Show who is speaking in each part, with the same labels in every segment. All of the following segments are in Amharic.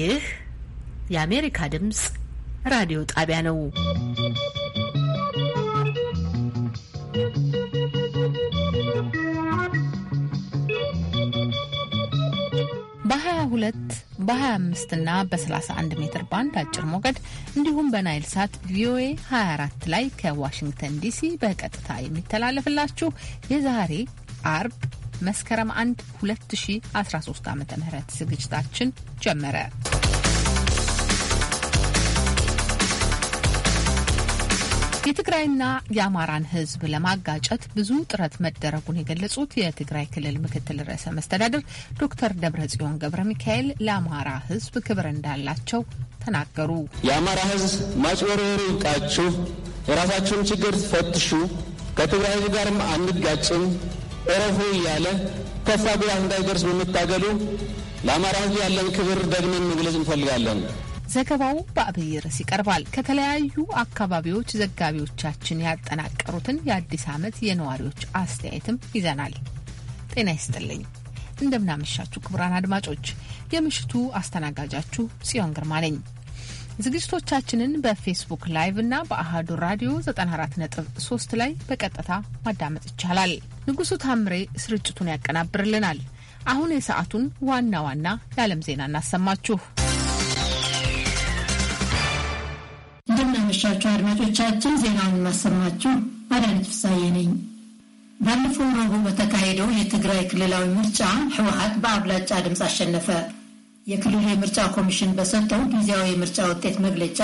Speaker 1: ይህ
Speaker 2: የአሜሪካ ድምፅ ራዲዮ ጣቢያ ነው። በ22 በ25 እና በ31 ሜትር ባንድ አጭር ሞገድ እንዲሁም በናይል ሳት ቪኦኤ 24 ላይ ከዋሽንግተን ዲሲ በቀጥታ የሚተላለፍላችሁ የዛሬ አርብ መስከረም 1 2013 ዓ ም ዝግጅታችን ጀመረ። የትግራይና የአማራን ህዝብ ለማጋጨት ብዙ ጥረት መደረጉን የገለጹት የትግራይ ክልል ምክትል ርዕሰ መስተዳድር ዶክተር ደብረ ጽዮን ገብረ ሚካኤል ለአማራ ህዝብ ክብር እንዳላቸው ተናገሩ።
Speaker 3: የአማራ ህዝብ ማጭበርበሩ ይብቃችሁ፣ የራሳችሁን ችግር ፈትሹ፣ ከትግራይ ህዝብ ጋርም አንጋጭም፣ እረፉ እያለ ከፋ ጉዳት እንዳይደርስ በመታገሉ ለአማራ ህዝብ ያለን ክብር ደግመን መግለጽ እንፈልጋለን።
Speaker 2: ዘገባው በአብይ ርዕስ ይቀርባል። ከተለያዩ አካባቢዎች ዘጋቢዎቻችን ያጠናቀሩትን የአዲስ ዓመት የነዋሪዎች አስተያየትም ይዘናል። ጤና ይስጥልኝ። እንደምናመሻችሁ ክቡራን አድማጮች፣ የምሽቱ አስተናጋጃችሁ ጽዮን ግርማ ነኝ። ዝግጅቶቻችንን በፌስቡክ ላይቭ እና በአህዱ ራዲዮ 94.3 ላይ በቀጥታ ማዳመጥ ይቻላል። ንጉሱ ታምሬ ስርጭቱን ያቀናብርልናል። አሁን የሰዓቱን ዋና ዋና የዓለም ዜና እናሰማችሁ።
Speaker 4: እንደምናመሻችሁ አድማጮቻችን፣ ዜናውን የማሰማችሁ አዳነች ፍሳዬ ነኝ። ባለፈው ረቡዕ በተካሄደው የትግራይ ክልላዊ ምርጫ ህወሀት በአብላጫ ድምፅ አሸነፈ። የክልሉ የምርጫ ኮሚሽን በሰጠው ጊዜያዊ የምርጫ ውጤት መግለጫ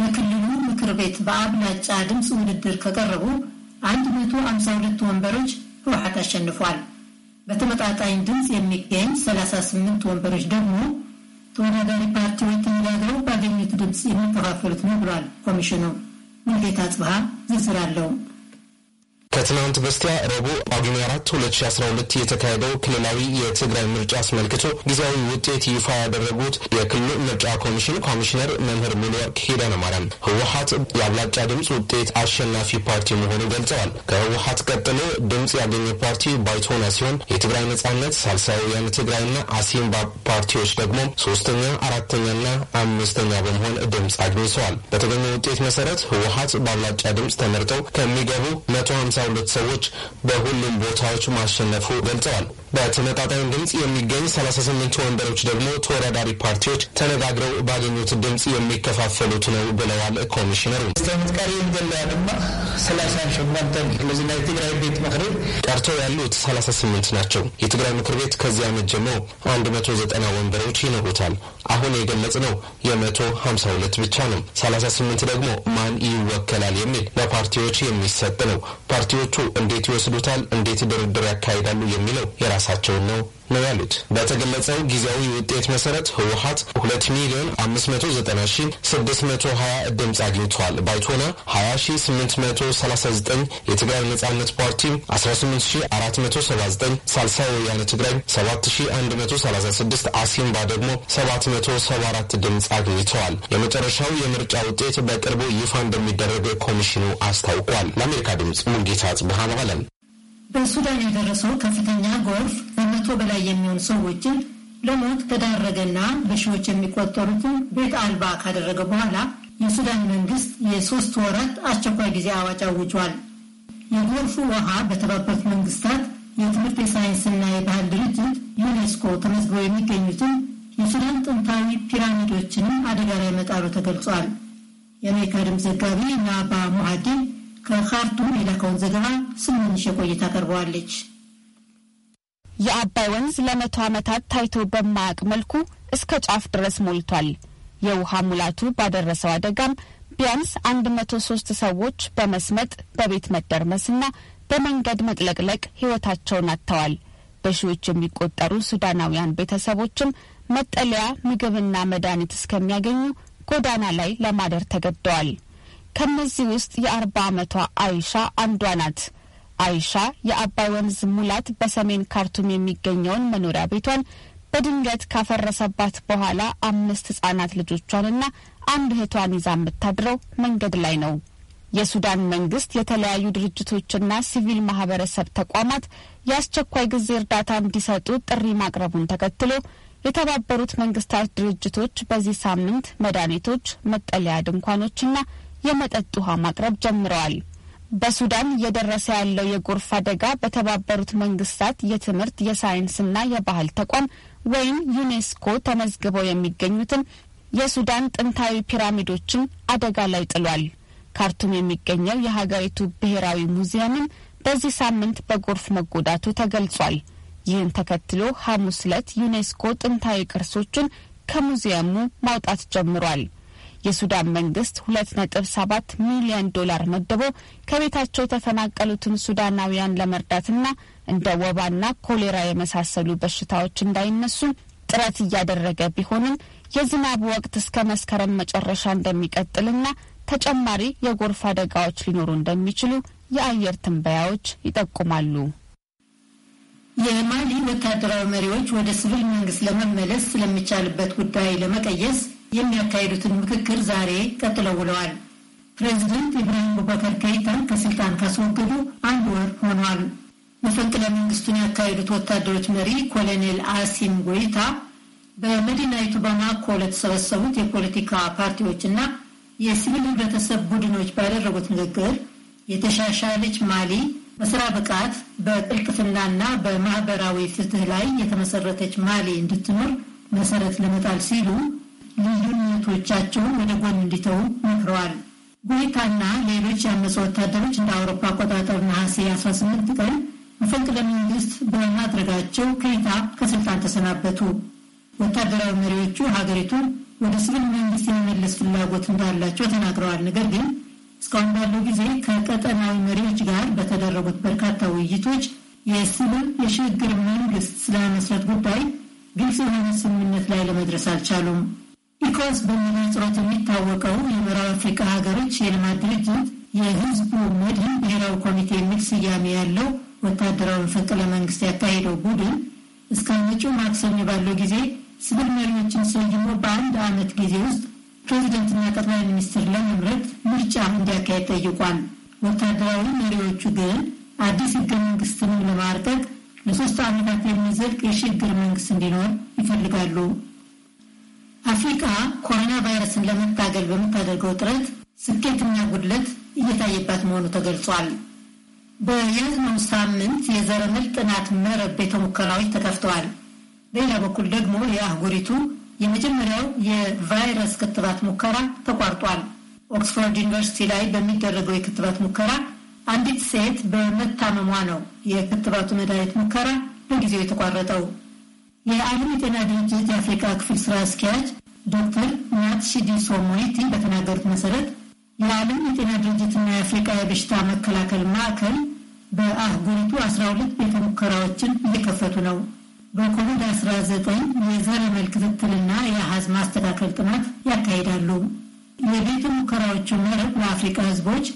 Speaker 4: ለክልሉ ምክር ቤት በአብላጫ ድምፅ ውድድር ከቀረቡ 152 ወንበሮች ህወሀት አሸንፏል። በተመጣጣኝ ድምፅ የሚገኝ 38 ወንበሮች ደግሞ ተወዳዳሪ ፓርቲዎች ተነጋግረው ባገኙት ድምፅ የሚከፋፈሉት ነው ብሏል ኮሚሽኑ። ሙልጌታ ጽብሃ ዝርዝር አለው።
Speaker 5: ከትናንት በስቲያ ረቡዕ ጳጉሜ 4 2012 የተካሄደው ክልላዊ የትግራይ ምርጫ አስመልክቶ ጊዜያዊ ውጤት ይፋ ያደረጉት የክልሉ ምርጫ ኮሚሽን ኮሚሽነር መምህር ሙሉወርቅ ኪዳነ ህወሀት የአብላጫ ድምፅ ውጤት አሸናፊ ፓርቲ መሆኑ ገልጸዋል። ከህወሀት ቀጥሎ ድምፅ ያገኘ ፓርቲ ባይቶና ሲሆን የትግራይ ነጻነት፣ ሳልሳይ ትግራይና አሲምባ ፓርቲዎች ደግሞ ሶስተኛ፣ አራተኛና አምስተኛ በመሆን ድምፅ አግኝተዋል። በተገኘ ውጤት መሰረት ህወሀት በአብላጫ ድምፅ ተመርጠው ከሚገቡ መቶ ሁለት ሰዎች በሁሉም ቦታዎች ማሸነፉ ገልጸዋል። በተመጣጣኝ ድምፅ የሚገኝ 38 ወንበሮች ደግሞ ተወዳዳሪ ፓርቲዎች ተነጋግረው ባገኙት ድምፅ የሚከፋፈሉት ነው ብለዋል ኮሚሽነሩ። ቀርቶ ያሉት 38 ናቸው። የትግራይ ምክር ቤት ከዚህ ዓመት ጀምሮ 190 ወንበሮች ይኖሩታል። አሁን የገለጽ ነው የ152 ብቻ ነው። 38 ደግሞ ማን ይወከላል የሚል ለፓርቲዎች የሚሰጥ ነው። ፓርቲዎቹ እንዴት ይወስዱታል፣ እንዴት ድርድር ያካሂዳሉ የሚለው የራሳቸውን ነው ነው ያሉት። በተገለጸው ጊዜያዊ ውጤት መሰረት ህወሀት ሁለት ሚሊዮን አምስት መቶ ዘጠና ሺ ስድስት መቶ ሀያ ድምፅ አግኝተዋል። ባይቶና ሀያ ሺ ስምንት መቶ ሰላሳ ዘጠኝ የትግራይ ነጻነት ፓርቲ አስራ ስምንት ሺ አራት መቶ ሰባ ዘጠኝ ሳልሳ ወያነ ትግራይ ሰባት ሺ አንድ መቶ ሰላሳ ስድስት አሲምባ ደግሞ ሰባት መቶ ሰባ አራት ድምፅ አግኝተዋል። የመጨረሻው የምርጫ ውጤት በቅርቡ ይፋ እንደሚደረግ ኮሚሽኑ አስታውቋል። ለአሜሪካ ድምፅ ሙልጌታ ጽብሃ መቀለም።
Speaker 4: በሱዳን የደረሰው ከፍተኛ ጎርፍ ከመቶ በላይ የሚሆኑ ሰዎችን ለሞት ከዳረገና በሺዎች የሚቆጠሩትን ቤት አልባ ካደረገ በኋላ የሱዳን መንግስት የሶስት ወራት አስቸኳይ ጊዜ አዋጅ አውጇል። የጎርፉ ውሃ በተባበሩት መንግስታት የትምህርት የሳይንስና የባህል ድርጅት ዩኔስኮ ተመዝግበው የሚገኙትን የሱዳን ጥንታዊ ፒራሚዶችንም አደጋ ላይ መጣሉ ተገልጿል። የአሜሪካ ድምፅ ዘጋቢ ናባ ሙሃዲን ከካርቱም የላከውን ዘገባ ስምንሽ የቆይታ ቀርበዋለች።
Speaker 6: የአባይ ወንዝ ለመቶ ዓመታት ታይቶ በማያውቅ መልኩ እስከ ጫፍ ድረስ ሞልቷል። የውሃ ሙላቱ ባደረሰው አደጋም ቢያንስ አንድ መቶ ሶስት ሰዎች በመስመጥ በቤት መደርመስና በመንገድ መጥለቅለቅ ሕይወታቸውን አጥተዋል። በሺዎች የሚቆጠሩ ሱዳናውያን ቤተሰቦችም መጠለያ፣ ምግብና መድኃኒት እስከሚያገኙ ጎዳና ላይ ለማደር ተገደዋል። ከነዚህ ውስጥ የአርባ ዓመቷ አይሻ አንዷ ናት። አይሻ የአባይ ወንዝ ሙላት በሰሜን ካርቱም የሚገኘውን መኖሪያ ቤቷን በድንገት ካፈረሰባት በኋላ አምስት ህጻናት ልጆቿንና አንድ እህቷን ይዛ የምታድረው መንገድ ላይ ነው። የሱዳን መንግስት የተለያዩ ድርጅቶችና ሲቪል ማህበረሰብ ተቋማት የአስቸኳይ ጊዜ እርዳታ እንዲሰጡ ጥሪ ማቅረቡን ተከትሎ የተባበሩት መንግስታት ድርጅቶች በዚህ ሳምንት መድኃኒቶች፣ መጠለያ ድንኳኖችና የመጠጥ ውሃ ማቅረብ ጀምረዋል። በሱዳን እየደረሰ ያለው የጎርፍ አደጋ በተባበሩት መንግስታት የትምህርት የሳይንስና የባህል ተቋም ወይም ዩኔስኮ ተመዝግበው የሚገኙትን የሱዳን ጥንታዊ ፒራሚዶችን አደጋ ላይ ጥሏል። ካርቱም የሚገኘው የሀገሪቱ ብሔራዊ ሙዚየምም በዚህ ሳምንት በጎርፍ መጎዳቱ ተገልጿል። ይህን ተከትሎ ሐሙስ ዕለት ዩኔስኮ ጥንታዊ ቅርሶችን ከሙዚየሙ ማውጣት ጀምሯል። የሱዳን መንግስት ሁለት ነጥብ ሰባት ሚሊዮን ዶላር መድቦ ከቤታቸው የተፈናቀሉትን ሱዳናውያን ለመርዳትና እንደ ወባና ኮሌራ የመሳሰሉ በሽታዎች እንዳይነሱ ጥረት እያደረገ ቢሆንም የዝናብ ወቅት እስከ መስከረም መጨረሻ እንደሚቀጥልና ተጨማሪ የጎርፍ አደጋዎች ሊኖሩ እንደሚችሉ የአየር ትንበያዎች ይጠቁማሉ።
Speaker 4: የማሊ ወታደራዊ መሪዎች ወደ ሲቪል መንግስት ለመመለስ ስለሚቻልበት ጉዳይ ለመቀየስ የሚያካሂዱትን ምክክር ዛሬ ቀጥለው ውለዋል። ፕሬዚደንት ኢብራሂም ቡባከር ከይታን ከስልጣን ካስወገዱ አንድ ወር ሆኗል። መፈንቅለ መንግስቱን ያካሄዱት ወታደሮች መሪ ኮሎኔል አሲም ጎይታ በመዲናይቱ ባማኮ ለተሰበሰቡት የፖለቲካ ፓርቲዎችና የሲቪል ህብረተሰብ ቡድኖች ባደረጉት ንግግር የተሻሻለች ማሊ በስራ ብቃት በቅልጥፍናና በማህበራዊ ፍትህ ላይ የተመሰረተች ማሌ እንድትኖር መሰረት ለመጣል ሲሉ ልዩነቶቻቸውን ወደ ጎን እንዲተው መክረዋል። ጉይታና ሌሎች ያመፁ ወታደሮች እንደ አውሮፓ አቆጣጠር ነሐሴ 18 ቀን መፈንቅለ መንግስት በማድረጋቸው ከይታ ከስልጣን ተሰናበቱ። ወታደራዊ መሪዎቹ ሀገሪቱን ወደ ስብል መንግስት የመመለስ ፍላጎት እንዳላቸው ተናግረዋል። ነገር ግን እስካሁን ባለው ጊዜ ከቀጠናዊ መሪዎች ጋር በተደረጉት በርካታ ውይይቶች የሲቪል የሽግግር መንግስት ስለመስረት ጉዳይ ግልጽ የሆነ ስምምነት ላይ ለመድረስ አልቻሉም። ኢኮስ በሚል ጽሮት የሚታወቀው የምዕራብ አፍሪካ ሀገሮች የልማት ድርጅት የህዝቡ መድህን ብሔራዊ ኮሚቴ የሚል ስያሜ ያለው ወታደራዊ መፈንቅለ መንግስት ያካሄደው ቡድን እስከ መጪው ማክሰኞ ባለው ጊዜ ሲቪል መሪዎችን ሰይሞ በአንድ ዓመት ጊዜ ውስጥ ፕሬዚደንትና ጠቅላይ ሚኒስትር ለመምረጥ ምርጫ እንዲያካሄድ ጠይቋል። ወታደራዊ መሪዎቹ ግን አዲስ ህገ መንግስትን ለማርቀቅ ለሶስት ዓመታት የሚዘልቅ የሽግግር መንግስት እንዲኖር ይፈልጋሉ። አፍሪካ ኮሮና ቫይረስን ለመታገል በምታደርገው ጥረት ስኬትና ጉድለት እየታየባት መሆኑ ተገልጿል። በያዝነው ሳምንት የዘረመል ጥናት መረብ ቤተ ሙከራዎች ተከፍተዋል። በሌላ በኩል ደግሞ የአህጉሪቱ የመጀመሪያው የቫይረስ ክትባት ሙከራ ተቋርጧል። ኦክስፎርድ ዩኒቨርሲቲ ላይ በሚደረገው የክትባት ሙከራ አንዲት ሴት በመታመሟ ነው የክትባቱ መድኃኒት ሙከራ በጊዜው የተቋረጠው። የዓለም የጤና ድርጅት የአፍሪካ ክፍል ስራ አስኪያጅ ዶክተር ማትሺዲሶ ሞይቲ በተናገሩት መሰረት የዓለም የጤና ድርጅትና የአፍሪካ የበሽታ መከላከል ማዕከል በአህጉሪቱ 12 ቤተ ሙከራዎችን እየከፈቱ ነው። በኮቪድ-19 የዘረመል ክትትልና የአሃዝ ማስተካከል ጥናት ያካሂዳሉ። የቤተ ሙከራዎቹ መረብ ለአፍሪካ ህዝቦች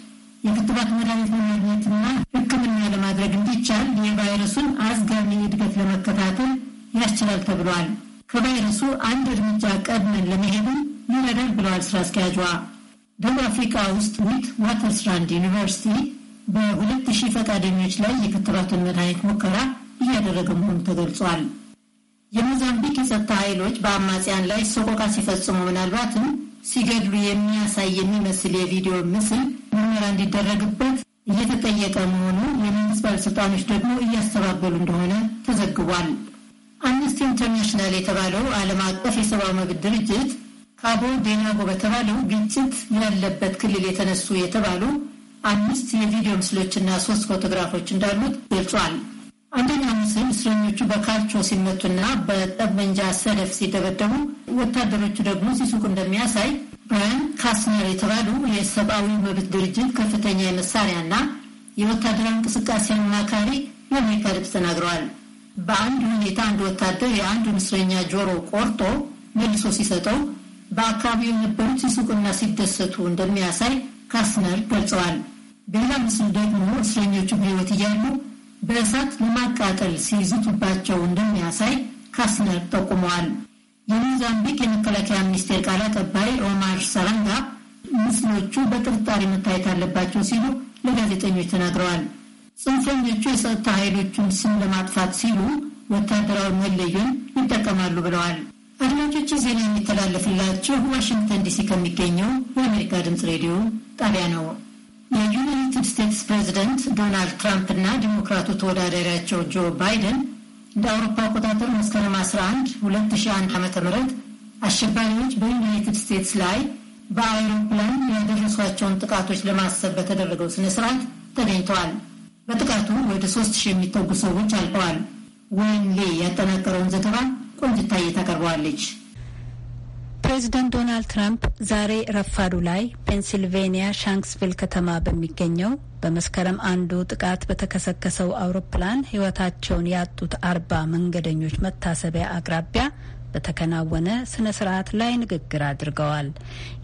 Speaker 4: የክትባት መድኃኒት ለማግኘትና ሕክምና ለማድረግ እንዲቻል የቫይረሱን አዝጋሚ እድገት ለመከታተል ያስችላል ተብሏል። ከቫይረሱ አንድ እርምጃ ቀድመን ለመሄድም ይረዳል ብለዋል ስራ አስኪያጇ። ደቡብ አፍሪካ ውስጥ ዊት ዋተርስራንድ ዩኒቨርሲቲ በሁለት ሺህ ፈቃደኞች ላይ የክትባቱን መድኃኒት ሙከራ እያደረገ መሆኑ ተገልጿል። የሞዛምቢክ የጸጥታ ኃይሎች በአማጽያን ላይ ሰቆቃ ሲፈጽሙ ምናልባትም ሲገድሉ የሚያሳይ የሚመስል የቪዲዮ ምስል ምርመራ እንዲደረግበት እየተጠየቀ መሆኑ የመንግስት ባለስልጣኖች ደግሞ እያስተባበሉ እንደሆነ ተዘግቧል። አምነስቲ ኢንተርናሽናል የተባለው ዓለም አቀፍ የሰብአዊ መብት ድርጅት ካቦ ዴናጎ በተባለው ግጭት ያለበት ክልል የተነሱ የተባሉ አምስት የቪዲዮ ምስሎችና ሶስት ፎቶግራፎች እንዳሉት ገልጿል። አንደኛው ሙስሊም እስረኞቹ በካልቾ ሲመቱና በጠመንጃ ሰለፍ ሲደበደቡ፣ ወታደሮቹ ደግሞ ሲሱቁ እንደሚያሳይ ብራያን ካስነር የተባሉ የሰብአዊ መብት ድርጅት ከፍተኛ የመሳሪያና የወታደራዊ እንቅስቃሴ አማካሪ የአሜሪካ ድምፅ ተናግረዋል። በአንድ ሁኔታ አንድ ወታደር የአንዱን እስረኛ ጆሮ ቆርጦ መልሶ ሲሰጠው በአካባቢው የነበሩት ሲሱቁና ሲደሰቱ እንደሚያሳይ ካስነር ገልጸዋል። በሌላ ምስል ደግሞ እስረኞቹ በሕይወት እያሉ በእሳት ለማቃጠል ሲዝቱባቸው እንደሚያሳይ ካስነር ጠቁመዋል። የሞዛምቢክ የመከላከያ ሚኒስቴር ቃል አቀባይ ኦማር ሰራንጋ ምስሎቹ በጥርጣሬ መታየት አለባቸው ሲሉ ለጋዜጠኞች ተናግረዋል። ጽንፈኞቹ የጸጥታ ኃይሎቹን ስም ለማጥፋት ሲሉ ወታደራዊ መለዮን ይጠቀማሉ ብለዋል። አድማጮች ዜና የሚተላለፍላችሁ ዋሽንግተን ዲሲ ከሚገኘው የአሜሪካ ድምፅ ሬዲዮ ጣቢያ ነው። የዩናይትድ ስቴትስ ፕሬዚደንት ዶናልድ ትራምፕ እና ዲሞክራቱ ተወዳዳሪያቸው ጆ ባይደን እንደ አውሮፓ አቆጣጠር መስከረም 11 2001 ዓ ም አሸባሪዎች በዩናይትድ ስቴትስ ላይ በአውሮፕላን ያደረሷቸውን ጥቃቶች ለማሰብ በተደረገው ስነስርዓት ስርዓት ተገኝተዋል። በጥቃቱ ወደ 3000 የሚጠጉ ሰዎች አልቀዋል። ወይን ሌ ያጠናቀረውን ዘገባ ቆንጅታዬ ታቀርበዋለች። ፕሬዚደንት ዶናልድ
Speaker 7: ትራምፕ ዛሬ ረፋዱ ላይ ፔንሲልቬንያ ሻንክስቪል ከተማ በሚገኘው በመስከረም አንዱ ጥቃት በተከሰከሰው አውሮፕላን ሕይወታቸውን ያጡት አርባ መንገደኞች መታሰቢያ አቅራቢያ በተከናወነ ስነ ስርዓት ላይ ንግግር አድርገዋል።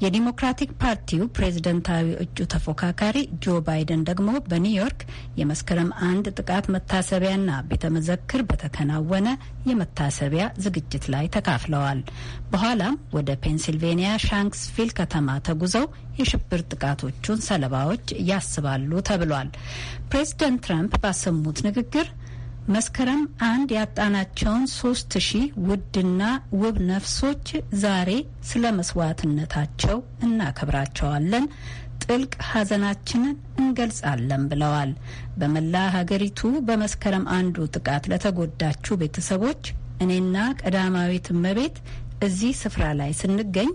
Speaker 7: የዲሞክራቲክ ፓርቲው ፕሬዝደንታዊ እጩ ተፎካካሪ ጆ ባይደን ደግሞ በኒውዮርክ የመስከረም አንድ ጥቃት መታሰቢያና ቤተ መዘክር በተከናወነ የመታሰቢያ ዝግጅት ላይ ተካፍለዋል። በኋላም ወደ ፔንሲልቬንያ ሻንክስቪል ከተማ ተጉዘው የሽብር ጥቃቶቹን ሰለባዎች ያስባሉ ተብሏል። ፕሬዝደንት ትራምፕ ባሰሙት ንግግር መስከረም አንድ ያጣናቸውን ሶስት ሺህ ውድና ውብ ነፍሶች ዛሬ ስለ መስዋዕትነታቸው እናከብራቸዋለን፣ ጥልቅ ሐዘናችንን እንገልጻለን ብለዋል። በመላ ሀገሪቱ በመስከረም አንዱ ጥቃት ለተጎዳችሁ ቤተሰቦች እኔና ቀዳማዊት እመቤት እዚህ ስፍራ ላይ ስንገኝ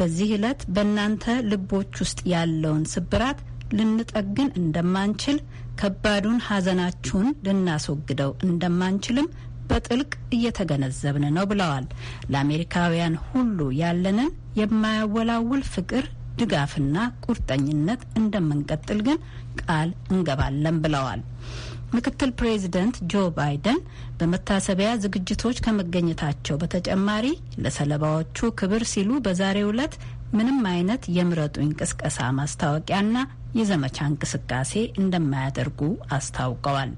Speaker 7: በዚህ ዕለት በእናንተ ልቦች ውስጥ ያለውን ስብራት ልንጠግን እንደማንችል ከባዱን ሐዘናችሁን ልናስወግደው እንደማንችልም በጥልቅ እየተገነዘብን ነው ብለዋል። ለአሜሪካውያን ሁሉ ያለንን የማያወላውል ፍቅር ድጋፍና ቁርጠኝነት እንደምንቀጥል ግን ቃል እንገባለን ብለዋል። ምክትል ፕሬዚደንት ጆ ባይደን በመታሰቢያ ዝግጅቶች ከመገኘታቸው በተጨማሪ ለሰለባዎቹ ክብር ሲሉ በዛሬው ዕለት ምንም አይነት የምረጡኝ ቅስቀሳ ማስታወቂያና የዘመቻ እንቅስቃሴ እንደማያደርጉ አስታውቀዋል።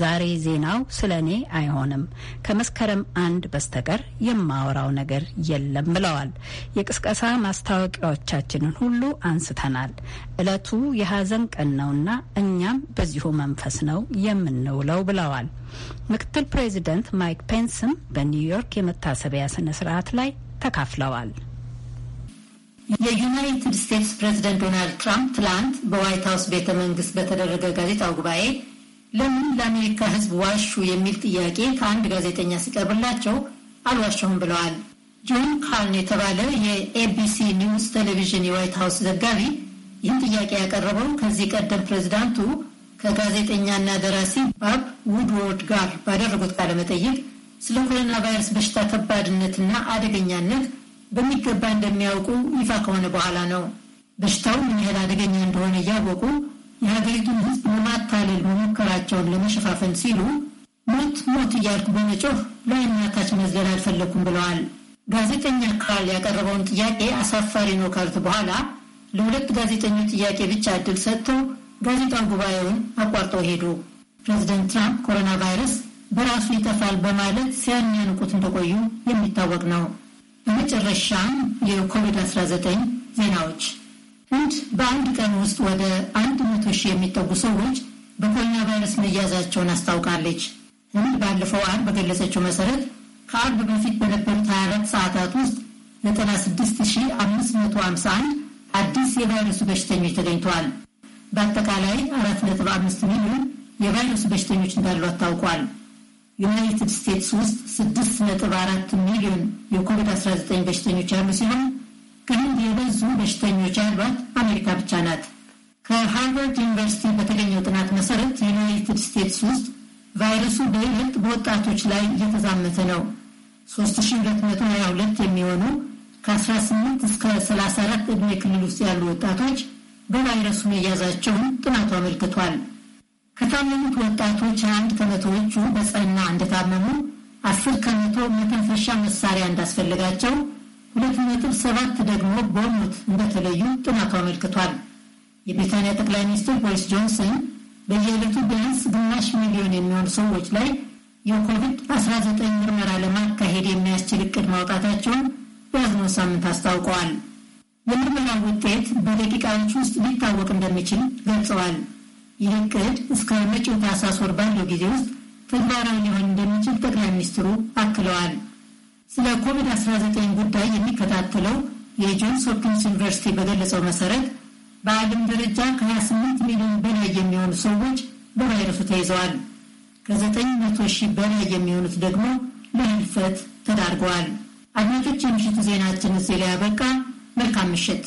Speaker 7: ዛሬ ዜናው ስለ እኔ አይሆንም፣ ከመስከረም አንድ በስተቀር የማወራው ነገር የለም ብለዋል። የቅስቀሳ ማስታወቂያዎቻችንን ሁሉ አንስተናል። እለቱ የሀዘን ቀን ነውና እኛም በዚሁ መንፈስ ነው የምንውለው ብለዋል። ምክትል ፕሬዚደንት ማይክ ፔንስም በኒውዮርክ የመታሰቢያ ስነ ስርዓት ላይ ተካፍለዋል።
Speaker 4: የዩናይትድ ስቴትስ ፕሬዚደንት ዶናልድ ትራምፕ ትላንት በዋይት ሀውስ ቤተ መንግስት በተደረገ ጋዜጣው ጉባኤ ለምን ለአሜሪካ ሕዝብ ዋሹ የሚል ጥያቄ ከአንድ ጋዜጠኛ ሲቀርብላቸው አልዋሸውም ብለዋል። ጆን ካርን የተባለ የኤቢሲ ኒውስ ቴሌቪዥን የዋይት ሀውስ ዘጋቢ ይህን ጥያቄ ያቀረበው ከዚህ ቀደም ፕሬዚዳንቱ ከጋዜጠኛና ደራሲ ባብ ውድወርድ ጋር ባደረጉት ቃለመጠይቅ ስለ ኮሮና ቫይረስ በሽታ ከባድነትና አደገኛነት በሚገባ እንደሚያውቁ ይፋ ከሆነ በኋላ ነው። በሽታው ምን ያህል አደገኛ እንደሆነ እያወቁ የሀገሪቱን ሕዝብ ለማታለል መሞከራቸውን ለመሸፋፈን ሲሉ ሞት ሞት እያልኩ በመጮህ ላይና ታች አልፈለኩም ብለዋል። ጋዜጠኛ ካል ያቀረበውን ጥያቄ አሳፋሪ ነው ካሉት በኋላ ለሁለት ጋዜጠኞች ጥያቄ ብቻ እድል ሰጥተው ጋዜጣው ጉባኤውን አቋርጠው ሄዱ። ፕሬዚደንት ትራምፕ ኮሮና ቫይረስ በራሱ ይጠፋል በማለት ሲያንያንቁት እንደቆዩ የሚታወቅ ነው። በመጨረሻም የኮቪድ-19 ዜናዎች። ህንድ በአንድ ቀን ውስጥ ወደ 100 ሺህ የሚጠጉ ሰዎች በኮሮና ቫይረስ መያዛቸውን አስታውቃለች። ህንድ ባለፈው አርብ በገለጸችው መሰረት ከአርብ በፊት በነበሩት 24 ሰዓታት ውስጥ 96551 አዲስ የቫይረሱ በሽተኞች ተገኝተዋል። በአጠቃላይ 4.5 ሚሊዮን የቫይረሱ በሽተኞች እንዳሉ አስታውቋል። ዩናይትድ ስቴትስ ውስጥ 6.4 ሚሊዮን የኮቪድ-19 በሽተኞች ያሉ ሲሆን ከህንድ የበዙ በሽተኞች ያሏት አሜሪካ ብቻ ናት። ከሃርቨርድ ዩኒቨርሲቲ በተገኘው ጥናት መሰረት ዩናይትድ ስቴትስ ውስጥ ቫይረሱ በይበልጥ በወጣቶች ላይ እየተዛመተ ነው። 3222 የሚሆኑ ከ18 እስከ 34 ዕድሜ ክልል ውስጥ ያሉ ወጣቶች በቫይረሱ መያዛቸውን ጥናቱ አመልክቷል። ከታመሙት ወጣቶች የአንድ ከመቶዎቹ በጸና እንደታመሙ፣ አስር ከመቶ መተንፈሻ መሳሪያ እንዳስፈልጋቸው፣ ሁለት ነጥብ ሰባት ደግሞ በሞት እንደተለዩ ጥናቱ አመልክቷል። የብሪታንያ ጠቅላይ ሚኒስትር ቦሪስ ጆንሰን በየዕለቱ ቢያንስ ግማሽ ሚሊዮን የሚሆኑ ሰዎች ላይ የኮቪድ-19 ምርመራ ለማካሄድ የሚያስችል እቅድ ማውጣታቸውን በያዝነው ሳምንት አስታውቀዋል። የምርመራ ውጤት በደቂቃዎች ውስጥ ሊታወቅ እንደሚችል ገልጸዋል። ይህ እቅድ እስከ መጪው ታህሳስ ወር ባለው ጊዜ ውስጥ ተግባራዊ ሊሆን እንደሚችል ጠቅላይ ሚኒስትሩ አክለዋል። ስለ ኮቪድ-19 ጉዳይ የሚከታተለው የጆንስ ሆፕኪንስ ዩኒቨርሲቲ በገለጸው መሰረት በዓለም ደረጃ ከ28 ሚሊዮን በላይ የሚሆኑ ሰዎች በቫይረሱ ተይዘዋል። ከ900 ሺህ በላይ የሚሆኑት ደግሞ ለህልፈት ተዳርገዋል። አድማጮች፣ የምሽቱ ዜናችን እዚህ ላይ ያበቃ። መልካም ምሽት።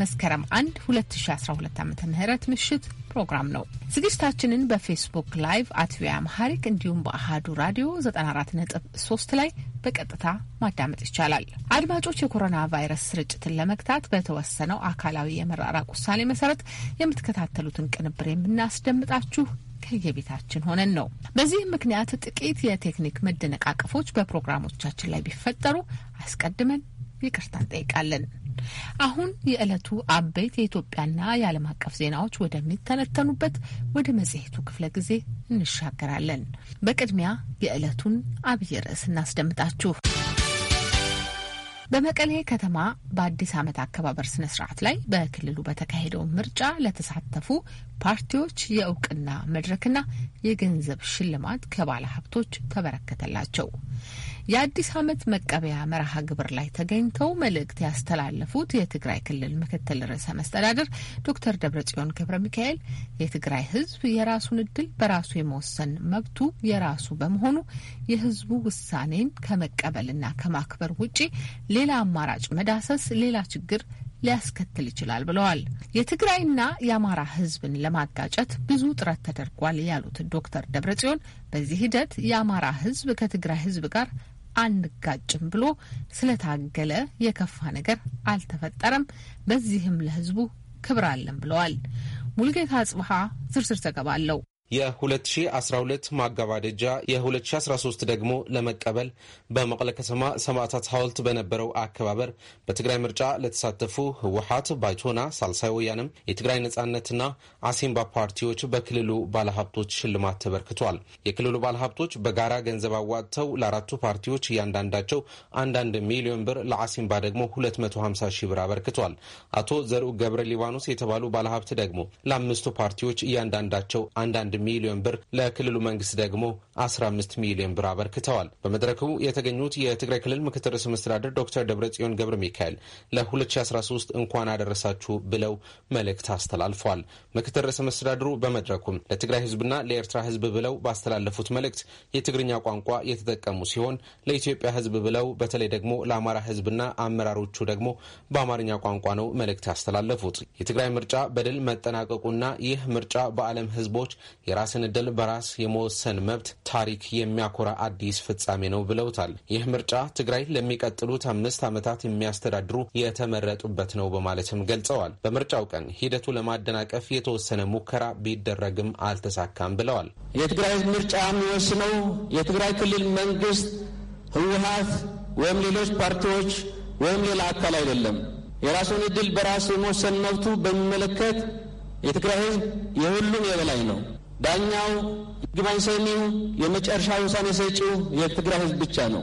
Speaker 2: መስከረም 1 2012 ዓ ም ምሽት ፕሮግራም ነው። ዝግጅታችንን በፌስቡክ ላይቭ አትቪያ አምሃሪክ እንዲሁም በአህዱ ራዲዮ 94.3 ላይ በቀጥታ ማዳመጥ ይቻላል። አድማጮች፣ የኮሮና ቫይረስ ስርጭትን ለመግታት በተወሰነው አካላዊ የመራራቅ ውሳኔ መሰረት የምትከታተሉትን ቅንብር የምናስደምጣችሁ ከየቤታችን ሆነን ነው። በዚህም ምክንያት ጥቂት የቴክኒክ መደነቃቀፎች በፕሮግራሞቻችን ላይ ቢፈጠሩ አስቀድመን ይቅርታ እንጠይቃለን። አሁን የዕለቱ አበይት የኢትዮጵያና የዓለም አቀፍ ዜናዎች ወደሚተነተኑበት ወደ መጽሔቱ ክፍለ ጊዜ እንሻገራለን። በቅድሚያ የዕለቱን አብይ ርዕስ እናስደምጣችሁ። በመቀሌ ከተማ በአዲስ ዓመት አከባበር ስነ ስርዓት ላይ በክልሉ በተካሄደው ምርጫ ለተሳተፉ ፓርቲዎች የእውቅና መድረክና የገንዘብ ሽልማት ከባለ ሀብቶች ተበረከተላቸው። የአዲስ ዓመት መቀበያ መርሃ ግብር ላይ ተገኝተው መልእክት ያስተላለፉት የትግራይ ክልል ምክትል ርዕሰ መስተዳድር ዶክተር ደብረጽዮን ገብረ ሚካኤል የትግራይ ሕዝብ የራሱን እድል በራሱ የመወሰን መብቱ የራሱ በመሆኑ የሕዝቡ ውሳኔን ከመቀበልና ከማክበር ውጪ ሌላ አማራጭ መዳሰስ ሌላ ችግር ሊያስከትል ይችላል ብለዋል። የትግራይና የአማራ ህዝብን ለማጋጨት ብዙ ጥረት ተደርጓል ያሉት ዶክተር ደብረጽዮን በዚህ ሂደት የአማራ ህዝብ ከትግራይ ህዝብ ጋር አንጋጭም ብሎ ስለታገለ የከፋ ነገር አልተፈጠረም። በዚህም ለህዝቡ ክብር አለን ብለዋል። ሙልጌታ ጽብሃ ዝርዝር ዘገባ አለው።
Speaker 8: የ2012 ማገባደጃ የ2013 ደግሞ ለመቀበል በመቀለ ከተማ ሰማዕታት ሐውልት በነበረው አከባበር በትግራይ ምርጫ ለተሳተፉ ህወሀት፣ ባይቶና፣ ሳልሳይ ወያንም፣ የትግራይ ነጻነትና አሲምባ ፓርቲዎች በክልሉ ባለሀብቶች ሽልማት ተበርክቷል። የክልሉ ባለሀብቶች በጋራ ገንዘብ አዋጥተው ለአራቱ ፓርቲዎች እያንዳንዳቸው አንዳንድ ሚሊዮን ብር፣ ለአሲምባ ደግሞ 250 ሺህ ብር አበርክቷል። አቶ ዘርኡ ገብረ ሊባኖስ የተባሉ ባለሀብት ደግሞ ለአምስቱ ፓርቲዎች እያንዳንዳቸው አንዳንድ ሚሊዮን ብር ለክልሉ መንግስት ደግሞ 15 ሚሊዮን ብር አበርክተዋል። በመድረኩ የተገኙት የትግራይ ክልል ምክትል ርዕሰ መስተዳደር ዶክተር ደብረጽዮን ገብረ ሚካኤል ለ2013 እንኳን አደረሳችሁ ብለው መልእክት አስተላልፏል። ምክትል ርዕሰ መስተዳድሩ በመድረኩም ለትግራይ ህዝብና ለኤርትራ ህዝብ ብለው ባስተላለፉት መልእክት የትግርኛ ቋንቋ የተጠቀሙ ሲሆን ለኢትዮጵያ ህዝብ ብለው በተለይ ደግሞ ለአማራ ህዝብና አመራሮቹ ደግሞ በአማርኛ ቋንቋ ነው መልእክት ያስተላለፉት። የትግራይ ምርጫ በድል መጠናቀቁና ይህ ምርጫ በዓለም ህዝቦች የራስን እድል በራስ የመወሰን መብት ታሪክ የሚያኮራ አዲስ ፍጻሜ ነው ብለውታል። ይህ ምርጫ ትግራይ ለሚቀጥሉት አምስት ዓመታት የሚያስተዳድሩ የተመረጡበት ነው በማለትም ገልጸዋል። በምርጫው ቀን ሂደቱ ለማደናቀፍ የተወሰነ ሙከራ ቢደረግም አልተሳካም ብለዋል።
Speaker 3: የትግራይ ምርጫ የሚወስነው የትግራይ ክልል መንግስት፣ ህወሀት ወይም ሌሎች ፓርቲዎች ወይም ሌላ አካል አይደለም። የራሱን እድል በራስ የመወሰን መብቱ በሚመለከት የትግራይ ህዝብ የሁሉም የበላይ ነው። ዳኛው፣ ይግባኝ ሰሚው፣ የመጨረሻ ውሳኔ ሰጪው የትግራይ ህዝብ ብቻ ነው።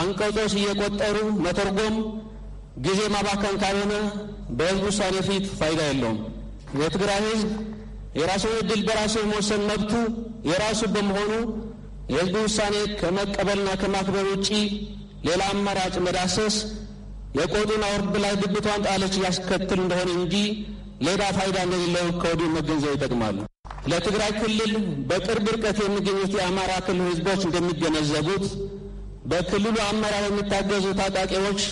Speaker 3: አንቀጾች እየቆጠሩ መተርጎም ጊዜ ማባከን ካልሆነ በህዝብ ውሳኔ ፊት ፋይዳ የለውም። የትግራይ ህዝብ የራሱን ድል በራሱ የመወሰን መብቱ የራሱ በመሆኑ የህዝብ ውሳኔ ከመቀበልና ከማክበር ውጪ ሌላ አማራጭ መዳሰስ የቆጡን አውርድ ላይ ድብቷን ጣለች እያስከትል እንደሆነ እንጂ ሌላ ፋይዳ እንደሌለው ከወዲሁ መገንዘብ ይጠቅማሉ። ለትግራይ ክልል በቅርብ ርቀት የሚገኙት የአማራ ክልል ህዝቦች እንደሚገነዘቡት በክልሉ አመራር የሚታገዙ ታጣቂዎች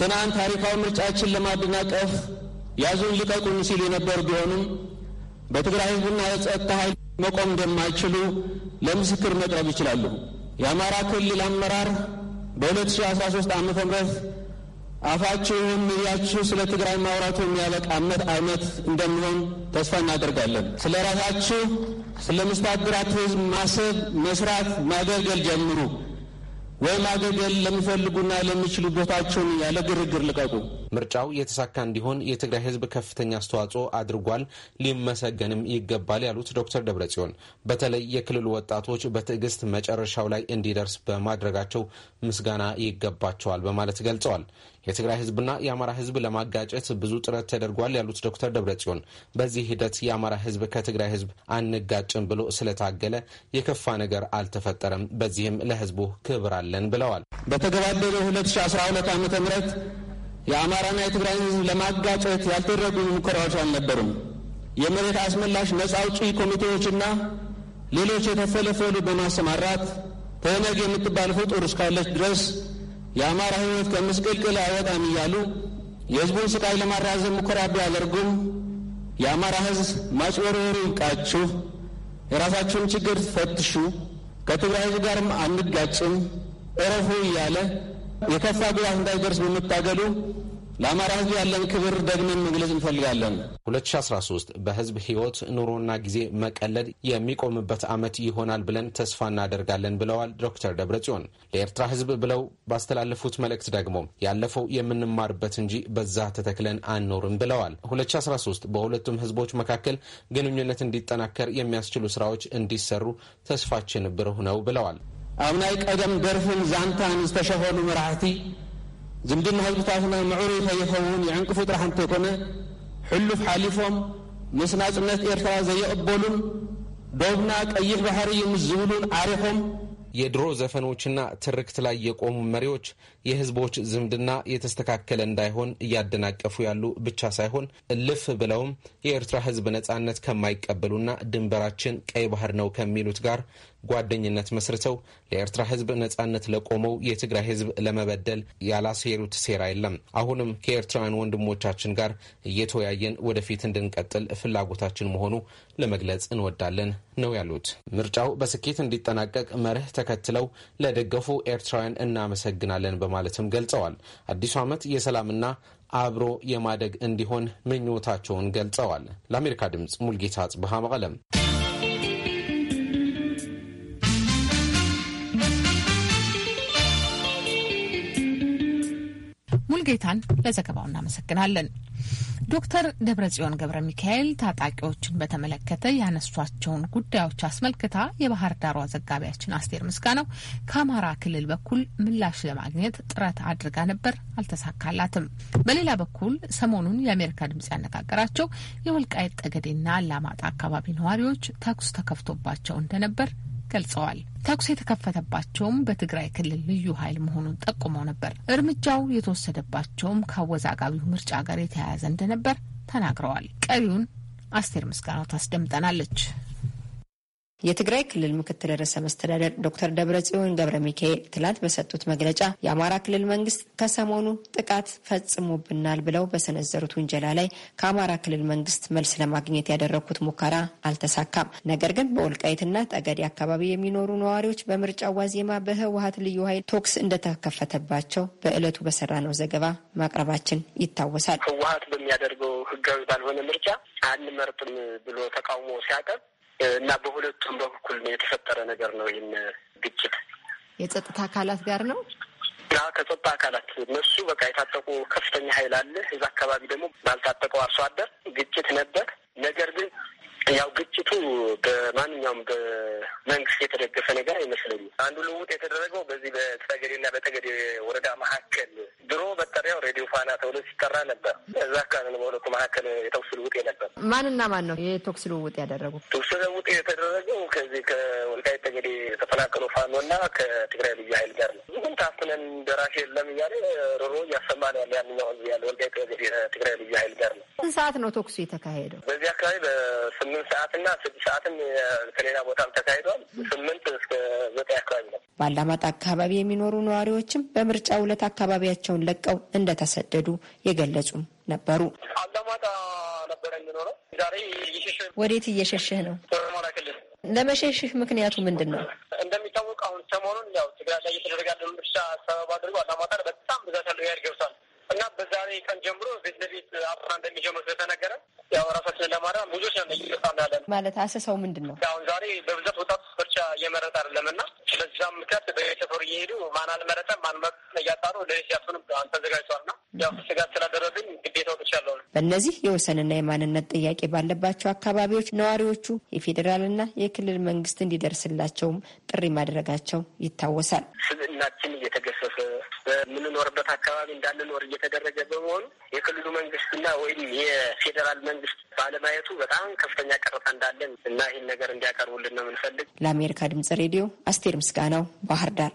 Speaker 3: ትናንት ታሪካዊ ምርጫችን ለማደናቀፍ ያዙን ልቀቁን ሲሉ የነበሩ ቢሆኑም በትግራይ ህዝብና የጸጥታ ኃይል መቆም እንደማይችሉ ለምስክር መቅረብ ይችላሉ። የአማራ ክልል አመራር በ2013 ዓ ም አፋችሁም እያችሁ ስለ ትግራይ ማውራቱ የሚያበቅ አመት አይነት እንደሚሆን ተስፋ እናደርጋለን። ስለ ራሳችሁ ስለ ምስታድራት ህዝብ ማሰብ፣ መስራት፣ ማገልገል ጀምሩ።
Speaker 8: ወይ ማገልገል ለሚፈልጉና ለሚችሉ ቦታቸውን ያለ ግርግር ልቀቁ። ምርጫው የተሳካ እንዲሆን የትግራይ ህዝብ ከፍተኛ አስተዋጽኦ አድርጓል፣ ሊመሰገንም ይገባል ያሉት ዶክተር ደብረጽዮን በተለይ የክልሉ ወጣቶች በትዕግስት መጨረሻው ላይ እንዲደርስ በማድረጋቸው ምስጋና ይገባቸዋል በማለት ገልጸዋል። የትግራይ ህዝብና የአማራ ህዝብ ለማጋጨት ብዙ ጥረት ተደርጓል ያሉት ዶክተር ደብረጽዮን በዚህ ሂደት የአማራ ህዝብ ከትግራይ ህዝብ አንጋጭም ብሎ ስለታገለ የከፋ ነገር አልተፈጠረም። በዚህም ለህዝቡ ክብር አለን ብለዋል። በተገባደደ 2012 ዓ ም የአማራና የትግራይ ህዝብ ለማጋጨት ያልተደረጉ ሙከራዎች አልነበሩም። የመሬት አስመላሽ ነጻ አውጪ
Speaker 3: ኮሚቴዎችና ሌሎች የተፈለፈሉ በማሰማራት ተነግ የምትባል ፍጡር እስካለች ድረስ የአማራ ህይወት ከምስቅልቅል አይወጣም እያሉ የህዝቡን ስቃይ ለማራዘም ሙከራ ቢያደርጉም የአማራ ህዝብ ማጭወርወሩ ይብቃችሁ፣ የራሳችሁን ችግር ፈትሹ፣ ከትግራይ ህዝብ ጋርም አንጋጭም፣ እረፉ እያለ የከፋ ጉዳት እንዳይደርስ በመታገሉ ለአማራ ህዝብ ያለን ክብር ደግመን መግለጽ እንፈልጋለን።
Speaker 8: 2013 በህዝብ ህይወት ኑሮና ጊዜ መቀለድ የሚቆምበት ዓመት ይሆናል ብለን ተስፋ እናደርጋለን ብለዋል ዶክተር ደብረጽዮን። ለኤርትራ ህዝብ ብለው ባስተላለፉት መልእክት ደግሞ ያለፈው የምንማርበት እንጂ በዛ ተተክለን አንኖርም ብለዋል። 2013 በሁለቱም ህዝቦች መካከል ግንኙነት እንዲጠናከር የሚያስችሉ ስራዎች እንዲሰሩ ተስፋችን ብሩህ ነው ብለዋል። ኣብ ናይ ቀደም ደርፍን ዛንታን ዝተሸፈኑ መራሕቲ ዝምድና ህዝብታትና ምዕሩይ ከይኸውን ይዕንቅፉ
Speaker 3: ጥራሕ እንተይኮነ ሕሉፍ ሓሊፎም ምስ ናጽነት ኤርትራ ዘየቕበሉን
Speaker 8: ዶብና ቀይሕ ባሕሪ እዩ ምስ ዝብሉን ዓሪኾም የድሮ ዘፈኖችና ትርክት ላይ የቆሙ መሪዎች የህዝቦች ዝምድና የተስተካከለ እንዳይሆን እያደናቀፉ ያሉ ብቻ ሳይሆን እልፍ ብለውም የኤርትራ ህዝብ ነጻነት ከማይቀበሉና ድንበራችን ቀይ ባህር ነው ከሚሉት ጋር ጓደኝነት መስርተው ለኤርትራ ህዝብ ነጻነት ለቆመው የትግራይ ህዝብ ለመበደል ያላሴሩት ሴራ የለም። አሁንም ከኤርትራውያን ወንድሞቻችን ጋር እየተወያየን ወደፊት እንድንቀጥል ፍላጎታችን መሆኑ ለመግለጽ እንወዳለን ነው ያሉት። ምርጫው በስኬት እንዲጠናቀቅ መርህ ተከትለው ለደገፉ ኤርትራውያን እናመሰግናለን በማለትም ገልጸዋል። አዲሱ ዓመት የሰላምና አብሮ የማደግ እንዲሆን ምኞታቸውን ገልጸዋል። ለአሜሪካ ድምፅ ሙልጌታ አጽብሃ መቀለም
Speaker 2: ሙልጌታን ለዘገባው እናመሰግናለን። ዶክተር ደብረጽዮን ገብረ ሚካኤል ታጣቂዎችን በተመለከተ ያነሷቸውን ጉዳዮች አስመልክታ የባህር ዳሯ ዘጋቢያችን አስቴር ምስጋናው ከአማራ ክልል በኩል ምላሽ ለማግኘት ጥረት አድርጋ ነበር፣ አልተሳካላትም። በሌላ በኩል ሰሞኑን የአሜሪካ ድምጽ ያነጋገራቸው የወልቃይት ጠገዴና ላማጣ አካባቢ ነዋሪዎች ተኩስ ተከፍቶባቸው እንደነበር ገልጸዋል። ተኩስ የተከፈተባቸውም በትግራይ ክልል ልዩ ኃይል መሆኑን ጠቁመው ነበር። እርምጃው የተወሰደባቸውም ከአወዛጋቢው ምርጫ ጋር የተያያዘ እንደነበር ተናግረዋል። ቀሪውን አስቴር ምስጋናው ታስደምጠናለች።
Speaker 9: የትግራይ ክልል ምክትል ርዕሰ መስተዳደር ዶክተር ደብረጽዮን ገብረ ሚካኤል ትላንት በሰጡት መግለጫ የአማራ ክልል መንግስት ከሰሞኑ ጥቃት ፈጽሞብናል ብለው በሰነዘሩት ውንጀላ ላይ ከአማራ ክልል መንግስት መልስ ለማግኘት ያደረግኩት ሙከራ አልተሳካም። ነገር ግን በወልቃይትና ጠገዴ አካባቢ የሚኖሩ ነዋሪዎች በምርጫ ዋዜማ በህወሀት ልዩ ኃይል ቶክስ እንደተከፈተባቸው በዕለቱ በሰራነው ዘገባ ማቅረባችን ይታወሳል።
Speaker 10: ህወሀት በሚያደርገው ህጋዊ ባልሆነ ምርጫ አንመርጥም ብሎ ተቃውሞ ሲያቀርብ እና በሁለቱም በኩል የተፈጠረ ነገር ነው። ይህን ግጭት
Speaker 9: የጸጥታ አካላት ጋር ነው
Speaker 10: ከጸጥታ አካላት እነሱ በቃ የታጠቁ ከፍተኛ ኃይል አለ። እዛ አካባቢ ደግሞ ባልታጠቀው አርሶ አደር ግጭት ነበር። ነገር ግን ያው ግጭቱ በማንኛውም በመንግስት የተደገፈ ነገር አይመስለኝም። አንዱ ልውውጥ የተደረገው በዚህ በጸገዴና በጠገዴ ወረዳ መካከል ድሮ በጠሪያው ሬዲዮ ፋና ተብሎ ሲጠራ ነበር። እዛ አካባቢ በሁለቱ መካከል የተኩስ ልውጥ ነበር።
Speaker 9: ማንና ማን ነው የተኩስ ልውውጥ ያደረጉ?
Speaker 10: ተኩስ ልውውጥ የተደረገው ከዚህ ከወልቃይት ጠገዴ የተፈናቀሉ ፋኖና ከትግራይ ልዩ ኃይል ጋር ነው። ግን ታፍነን ደራሽ የለም እያለ ሮሮ እያሰማ ነው ያለ ያንኛው ያለ ወልቃይት ጠገዴ ትግራይ ልዩ ኃይል ጋር ነው።
Speaker 9: ስንት ሰዓት ነው ተኩሱ የተካሄደው
Speaker 10: በዚህ አካባቢ? ስምንት ሰዓትና ስድስት ሰዓትም ከሌላ ቦታም ተካሂዷል። ስምንት እስከ ዘጠኝ አካባቢ
Speaker 9: ነው። በአላማጣ አካባቢ የሚኖሩ ነዋሪዎችም በምርጫ ዕለት አካባቢያቸውን ለቀው እንደተሰደዱ የገለጹም ነበሩ። አላማጣ ነበረ የሚኖረው ዛሬ እየሸሸ ወዴት እየሸሸህ ነው? ሶማሌ ክልል። ለመሸሽህ ምክንያቱ ምንድን ነው? እንደሚታወቅ አሁን ሰሞኑን ያው ትግራይ ላይ እየተደረገ ያለውን ምርጫ ሰበብ አድርጎ
Speaker 10: አላማጣ በጣም ብዛት ያለው ያድ ገብቷል እና በዛሬ ቀን ጀምሮ ቤት ለቤት አሰሳ እንደሚጀምር ስለተነገረ ያው ራሳችንን ለማዳን ብዙዎች ነ እየጠፋን
Speaker 9: ማለት አሰሳው ምንድን ነው?
Speaker 10: አሁን ዛሬ በብዛት ወጣቱ ምርጫ እየመረጠ አይደለም እና በዛም ምክንያት በየሰፈሩ እየሄዱ ማን
Speaker 9: አልመረጠ ማን መረጠ እያጣሩ ለሌት ያሱንም ተዘጋጅቷል ና ያው ስጋት ስላደረብኝ ግዴታ ወጥቻለሁ። በእነዚህ የወሰንና የማንነት ጥያቄ ባለባቸው አካባቢዎች ነዋሪዎቹ የፌዴራልና የክልል መንግስት እንዲደርስላቸውም ጥሪ ማድረጋቸው ይታወሳል። ስብዕናችን እየተገሰሰ በምንኖርበት
Speaker 10: አካባቢ እንዳንኖር እየተደረገ በመሆኑ የክልሉ መንግስትና ወይም የፌዴራል መንግስት ባለማየቱ በጣም ከፍተኛ ቅሬታ እንዳለን እና ይህን ነገር
Speaker 11: እንዲያቀርቡልን ነው የምንፈልግ።
Speaker 9: ለአሜሪካ ድምጽ ሬዲዮ አስቴር ምስጋናው ባህር ዳር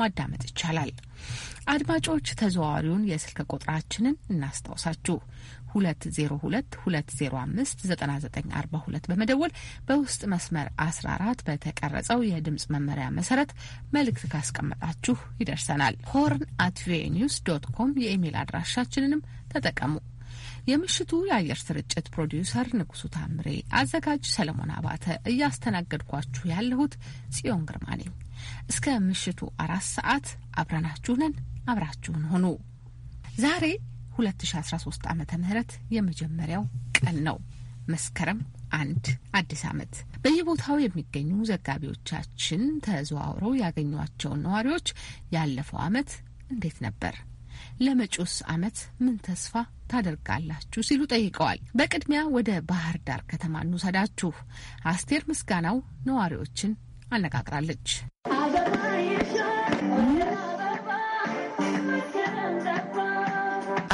Speaker 2: ማዳመጥ ይቻላል። አድማጮች ተዘዋዋሪውን የስልክ ቁጥራችንን እናስታውሳችሁ 2022059942 በመደወል በውስጥ መስመር 14 በተቀረጸው የድምፅ መመሪያ መሰረት መልእክት ካስቀመጣችሁ ይደርሰናል። ሆርን አት ቪኦኤ ኒውስ ዶት ኮም የኢሜይል አድራሻችንንም ተጠቀሙ። የምሽቱ የአየር ስርጭት ፕሮዲውሰር ንጉሱ ታምሬ፣ አዘጋጅ ሰለሞን አባተ፣ እያስተናገድኳችሁ ያለሁት ጽዮን ግርማ ነኝ። እስከ ምሽቱ አራት ሰዓት አብረናችሁንን አብራችሁን ሆኑ። ዛሬ 2013 ዓ ም የመጀመሪያው ቀን ነው። መስከረም አንድ አዲስ ዓመት። በየቦታው የሚገኙ ዘጋቢዎቻችን ተዘዋውረው ያገኟቸውን ነዋሪዎች ያለፈው ዓመት እንዴት ነበር? ለመጪውስ ዓመት ምን ተስፋ ታደርጋላችሁ? ሲሉ ጠይቀዋል። በቅድሚያ ወደ ባህር ዳር ከተማ እንውሰዳችሁ። አስቴር ምስጋናው ነዋሪዎችን አነጋግራለች።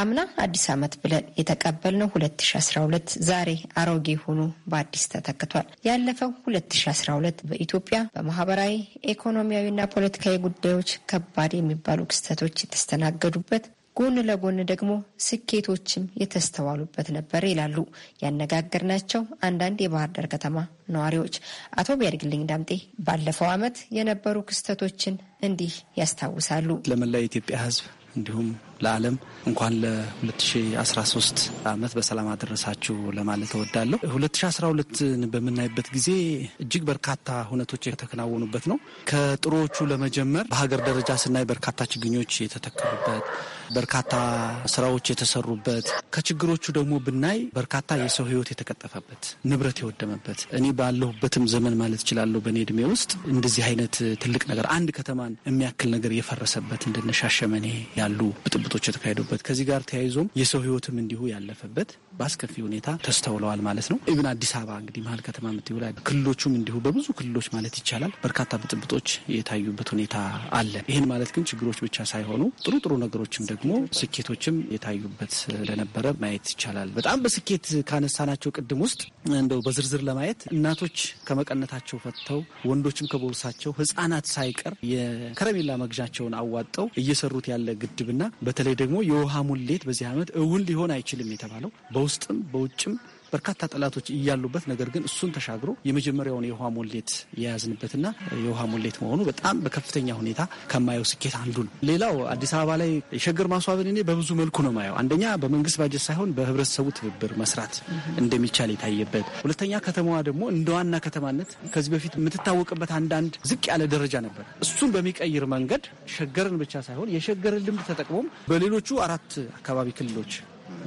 Speaker 2: አምና
Speaker 9: አዲስ ዓመት ብለን የተቀበልነው 2012 ዛሬ አሮጌ ሆኖ በአዲስ ተተክቷል። ያለፈው 2012 በኢትዮጵያ በማህበራዊ ኢኮኖሚያዊና ፖለቲካዊ ጉዳዮች ከባድ የሚባሉ ክስተቶች የተስተናገዱበት ጎን ለጎን ደግሞ ስኬቶችም የተስተዋሉበት ነበር ይላሉ ያነጋገርናቸው አንዳንድ የባህር ዳር ከተማ ነዋሪዎች። አቶ ቢያድግልኝ ዳምጤ ባለፈው ዓመት የነበሩ ክስተቶችን እንዲህ
Speaker 12: ያስታውሳሉ። ለመላ የኢትዮጵያ ሕዝብ እንዲሁም ለዓለም እንኳን ለ2013 ዓመት በሰላም አደረሳችሁ ለማለት እወዳለሁ። 2012ን በምናይበት ጊዜ እጅግ በርካታ ሁነቶች የተከናወኑበት ነው። ከጥሩዎቹ ለመጀመር በሀገር ደረጃ ስናይ በርካታ ችግኞች የተተከሉበት በርካታ ስራዎች የተሰሩበት ከችግሮቹ ደግሞ ብናይ በርካታ የሰው ህይወት የተቀጠፈበት ንብረት የወደመበት እኔ ባለሁበትም ዘመን ማለት እችላለሁ በእኔ እድሜ ውስጥ እንደዚህ አይነት ትልቅ ነገር አንድ ከተማን የሚያክል ነገር የፈረሰበት እንደነሻሸመኔ ያሉ ብጥብጦች የተካሄዱበት ከዚህ ጋር ተያይዞም የሰው ህይወትም እንዲሁ ያለፈበት በአስከፊ ሁኔታ ተስተውለዋል ማለት ነው። ኢብን አዲስ አበባ እንግዲህ መሀል ከተማ የምትውላ ክልሎቹም እንዲሁ በብዙ ክልሎች ማለት ይቻላል በርካታ ብጥብጦች የታዩበት ሁኔታ አለ። ይህን ማለት ግን ችግሮች ብቻ ሳይሆኑ ጥሩ ጥሩ ነገሮችም ደግሞ ስኬቶችም የታዩበት እንደነበረ ማየት ይቻላል። በጣም በስኬት ካነሳናቸው ቅድም ውስጥ እንደው በዝርዝር ለማየት እናቶች ከመቀነታቸው ፈትተው፣ ወንዶችም ከቦርሳቸው ህጻናት ሳይቀር የከረሜላ መግዣቸውን አዋጠው እየሰሩት ያለ ግድብና በተለይ ደግሞ የውሃ ሙሌት በዚህ ዓመት እውን ሊሆን አይችልም የተባለው በውስጥም በውጭም በርካታ ጠላቶች እያሉበት ነገር ግን እሱን ተሻግሮ የመጀመሪያውን የውሃ ሞሌት የያዝንበትና የውሃ ሞሌት መሆኑ በጣም በከፍተኛ ሁኔታ ከማየው ስኬት አንዱ ነው። ሌላው አዲስ አበባ ላይ የሸገር ማስዋብን እኔ በብዙ መልኩ ነው ማየው። አንደኛ በመንግስት ባጀት ሳይሆን በህብረተሰቡ ትብብር መስራት እንደሚቻል የታየበት፣ ሁለተኛ ከተማዋ ደግሞ እንደ ዋና ከተማነት ከዚህ በፊት የምትታወቅበት አንዳንድ ዝቅ ያለ ደረጃ ነበር። እሱን በሚቀይር መንገድ ሸገርን ብቻ ሳይሆን የሸገርን ልምድ ተጠቅሞም በሌሎቹ አራት አካባቢ ክልሎች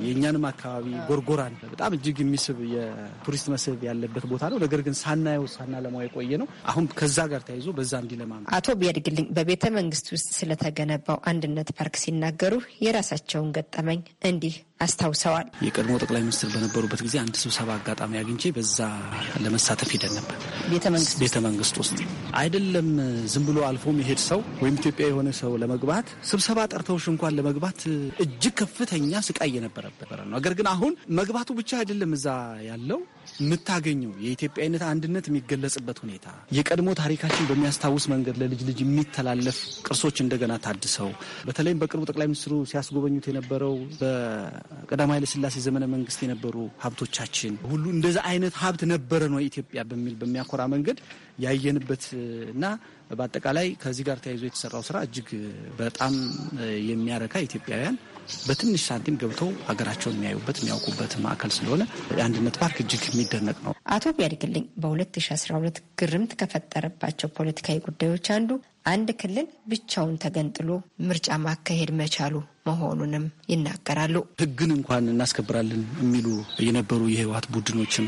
Speaker 12: የእኛንም አካባቢ ጎርጎራን በጣም እጅግ የሚስብ የቱሪስት መስህብ ያለበት ቦታ ነው። ነገር ግን ሳናየው ሳናለማው የቆየ ነው። አሁን ከዛ ጋር ተያይዞ በዛ እንዲለማ ነው።
Speaker 9: አቶ ቢያድግልኝ በቤተ መንግስት ውስጥ ስለተገነባው አንድነት ፓርክ ሲናገሩ የራሳቸውን ገጠመኝ እንዲህ
Speaker 12: አስታውሰዋል። የቀድሞ ጠቅላይ ሚኒስትር በነበሩበት ጊዜ አንድ ስብሰባ አጋጣሚ አግኝቼ በዛ ለመሳተፍ ሄደን ነበር። ቤተ መንግስት ውስጥ አይደለም ዝም ብሎ አልፎ መሄድ ሰው ወይም ኢትዮጵያ የሆነ ሰው ለመግባት ስብሰባ ጠርተውሽ እንኳን ለመግባት እጅግ ከፍተኛ ስቃይ የነበረበት ነው። ነገር ግን አሁን መግባቱ ብቻ አይደለም እዛ ያለው የምታገኘው የኢትዮጵያዊነት አንድነት የሚገለጽበት ሁኔታ የቀድሞ ታሪካችን በሚያስታውስ መንገድ ለልጅ ልጅ የሚተላለፍ ቅርሶች እንደገና ታድሰው በተለይም በቅርቡ ጠቅላይ ሚኒስትሩ ሲያስጎበኙት የነበረው ቀዳማዊ ስላሴ ዘመነ መንግስት የነበሩ ሀብቶቻችን ሁሉ እንደዛ አይነት ሀብት ነበረ ነው ኢትዮጵያ በሚል በሚያኮራ መንገድ ያየንበት እና በአጠቃላይ ከዚህ ጋር ተያይዞ የተሰራው ስራ እጅግ በጣም የሚያረካ ኢትዮጵያውያን በትንሽ ሳንቲም ገብተው ሀገራቸውን የሚያዩበት የሚያውቁበት ማዕከል ስለሆነ የአንድነት ፓርክ እጅግ የሚደነቅ ነው።
Speaker 4: አቶ
Speaker 9: ቢያድግልኝ በ2012 ግርምት ከፈጠረባቸው ፖለቲካዊ ጉዳዮች አንዱ አንድ ክልል ብቻውን ተገንጥሎ ምርጫ ማካሄድ መቻሉ መሆኑንም ይናገራሉ።
Speaker 12: ህግን እንኳን እናስከብራለን የሚሉ የነበሩ የህወሓት ቡድኖችም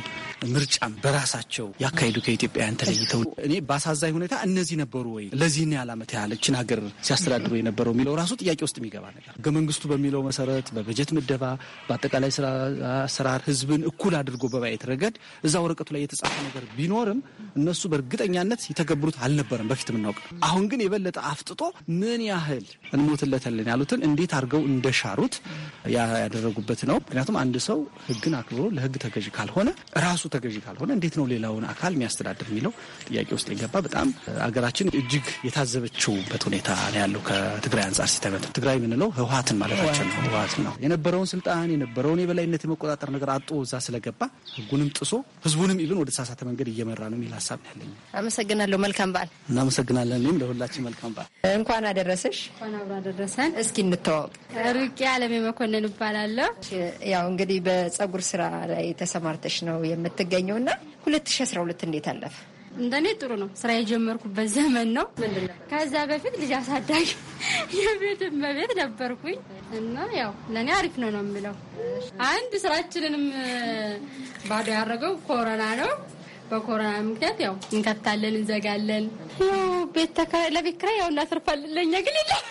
Speaker 12: ምርጫም በራሳቸው ያካሄዱ ከኢትዮጵያውያን ተለይተው እኔ በአሳዛኝ ሁኔታ እነዚህ ነበሩ ወይ ለዚህ ያህል ዓመት ያህል እችን ሀገር ሲያስተዳድሩ የነበረው የሚለው ራሱ ጥያቄ ውስጥ የሚገባ ነገር ህገ መንግስቱ በሚለው መሰረት በበጀት ምደባ፣ በአጠቃላይ ስራ አሰራር ህዝብን እኩል አድርጎ በማየት ረገድ እዛ ወረቀቱ ላይ የተጻፈ ነገር ቢኖርም እነሱ በእርግጠኛነት የተገብሩት አልነበረም በፊት የምናውቅ አሁን ግን የበለጠ አፍጥጦ ምን ያህል እንሞትለታለን ያሉትን እንዴት አድርገ አድርገው እንደሻሩት ያደረጉበት ነው። ምክንያቱም አንድ ሰው ህግን አክብሮ ለህግ ተገዥ ካልሆነ ራሱ ተገዥ ካልሆነ እንዴት ነው ሌላውን አካል የሚያስተዳድር የሚለው ጥያቄ ውስጥ የገባ በጣም አገራችን እጅግ የታዘበችውበት ሁኔታ ነው ያለው። ከትግራይ አንጻር ሲተመት ትግራይ የምንለው ህወሀትን ማለታችን ነው። ህወሀት ነው የነበረውን ስልጣን የነበረውን የበላይነት የመቆጣጠር ነገር አጦ እዛ ስለገባ ህጉንም ጥሶ ህዝቡንም ኢብን ወደ ተሳሳተ መንገድ እየመራ ነው የሚል ሀሳብ ነው ያለኝ። አመሰግናለሁ። መልካም በዓል። እናመሰግናለን። እኔም ለሁላችን መልካም በዓል።
Speaker 9: እንኳን አደረሰሽ። እንኳን አብሮ አደረሰን። እስኪ እንተዋወቅ ሩቅ አለሜ መኮንን እባላለሁ። ያው እንግዲህ በጸጉር ስራ ላይ ተሰማርተሽ ነው የምትገኘው እና 2012 እንዴት አለፈ?
Speaker 13: እንደኔ ጥሩ ነው። ስራ የጀመርኩበት ዘመን ነው። ከዛ በፊት ልጅ አሳዳጊ የቤት እመቤት ነበርኩኝ እና ያው ለእኔ አሪፍ ነው ነው የምለው። አንድ ስራችንንም ባዶ ያደረገው ኮሮና ነው። በኮሮና ምክንያት ያው እንከፍታለን፣ እንዘጋለን። ቤት ለቤት ኪራይ ያው እናተርፋለን። ለእኛ ግን የለም።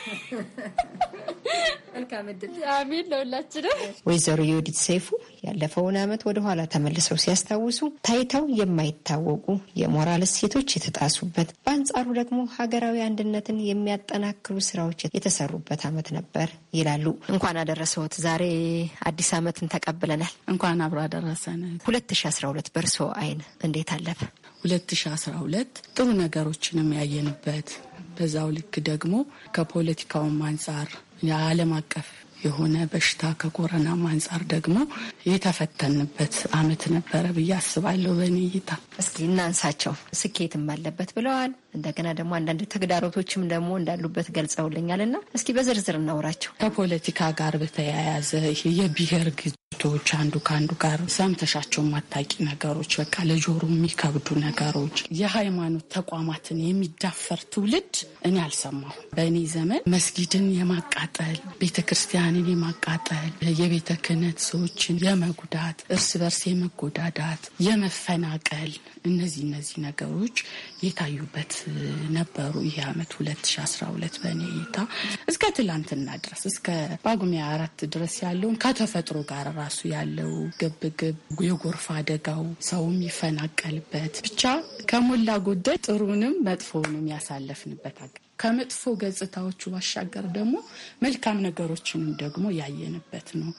Speaker 13: አሜን ለሁላችንም።
Speaker 9: ወይዘሮ የወዲት ሰይፉ ያለፈውን ዓመት ወደ ኋላ ተመልሰው ሲያስታውሱ ታይተው የማይታወቁ የሞራል እሴቶች የተጣሱበት፣ በአንጻሩ ደግሞ ሀገራዊ አንድነትን የሚያጠናክሩ ስራዎች የተሰሩበት ዓመት ነበር ይላሉ። እንኳን አደረሰዎት። ዛሬ አዲስ ዓመትን ተቀብለናል። እንኳን አብሮ አደረሰን። 2012 በእርሶ አይን እንዴት
Speaker 14: ማለት አለብ 2012 ጥሩ ነገሮችንም ያየንበት በዛው ልክ ደግሞ ከፖለቲካውም አንጻር የዓለም አቀፍ የሆነ በሽታ ከኮረና
Speaker 9: አንጻር ደግሞ የተፈተንበት አመት ነበረ ብዬ አስባለሁ። በእኔ እይታ እስኪ እናንሳቸው። ስኬትም አለበት ብለዋል። እንደገና ደግሞ አንዳንድ ተግዳሮቶችም ደግሞ እንዳሉበት ገልጸውልኛል እና እስኪ በዝርዝር እናውራቸው። ከፖለቲካ ጋር በተያያዘ
Speaker 14: የብሔር ቶች አንዱ ከአንዱ ጋር ሰምተሻቸው ማታቂ ነገሮች፣ በቃ ለጆሮ የሚከብዱ ነገሮች፣ የሃይማኖት ተቋማትን የሚዳፈር ትውልድ እኔ አልሰማሁ። በእኔ ዘመን መስጊድን የማቃጠል ቤተ ክርስቲያንን የማቃጠል የቤተ ክህነት ሰዎችን የመጉዳት እርስ በርስ የመጎዳዳት፣ የመፈናቀል እነዚህ እነዚህ ነገሮች የታዩበት ነበሩ። ይህ ዓመት 2012 በእኔ እይታ እስከ ትላንትና ድረስ እስከ ጳጉሜ አራት ድረስ ያለውን ከተፈጥሮ ጋር ራሱ ያለው ግብግብ፣ የጎርፍ አደጋው፣ ሰው የሚፈናቀልበት ብቻ ከሞላ ጎደል ጥሩንም መጥፎውንም ያሳለፍንበት አገ ከመጥፎ ገጽታዎቹ ባሻገር ደግሞ መልካም ነገሮችንም ደግሞ ያየንበት ነው።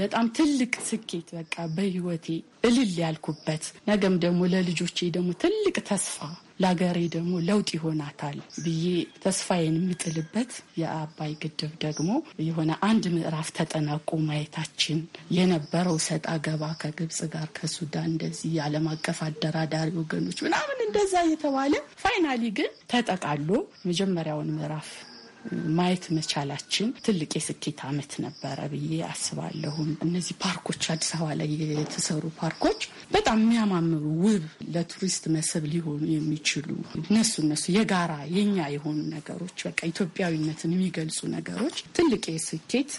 Speaker 14: በጣም ትልቅ ስኬት በቃ በህይወቴ እልል ያልኩበት ነገም ደግሞ ለልጆቼ ደግሞ ትልቅ ተስፋ ለሀገሬ ደግሞ ለውጥ ይሆናታል ብዬ ተስፋዬን የምጥልበት የአባይ ግድብ ደግሞ የሆነ አንድ ምዕራፍ ተጠናቆ ማየታችን የነበረው ሰጥ አገባ ከግብጽ ጋር ከሱዳን እንደዚህ የዓለም አቀፍ አደራዳሪ ወገኖች ምናምን እንደዛ እየተባለ ፋይናሊ ግን ተጠቃሎ መጀመሪያውን ምዕራፍ ማየት መቻላችን ትልቅ የስኬት ዓመት ነበረ ብዬ አስባለሁም። እነዚህ ፓርኮች አዲስ አበባ ላይ የተሰሩ ፓርኮች በጣም የሚያማምሩ ውብ ለቱሪስት መስህብ ሊሆኑ የሚችሉ እነሱ እነሱ የጋራ የኛ የሆኑ ነገሮች በቃ ኢትዮጵያዊነትን የሚገልጹ ነገሮች ትልቅ የስኬት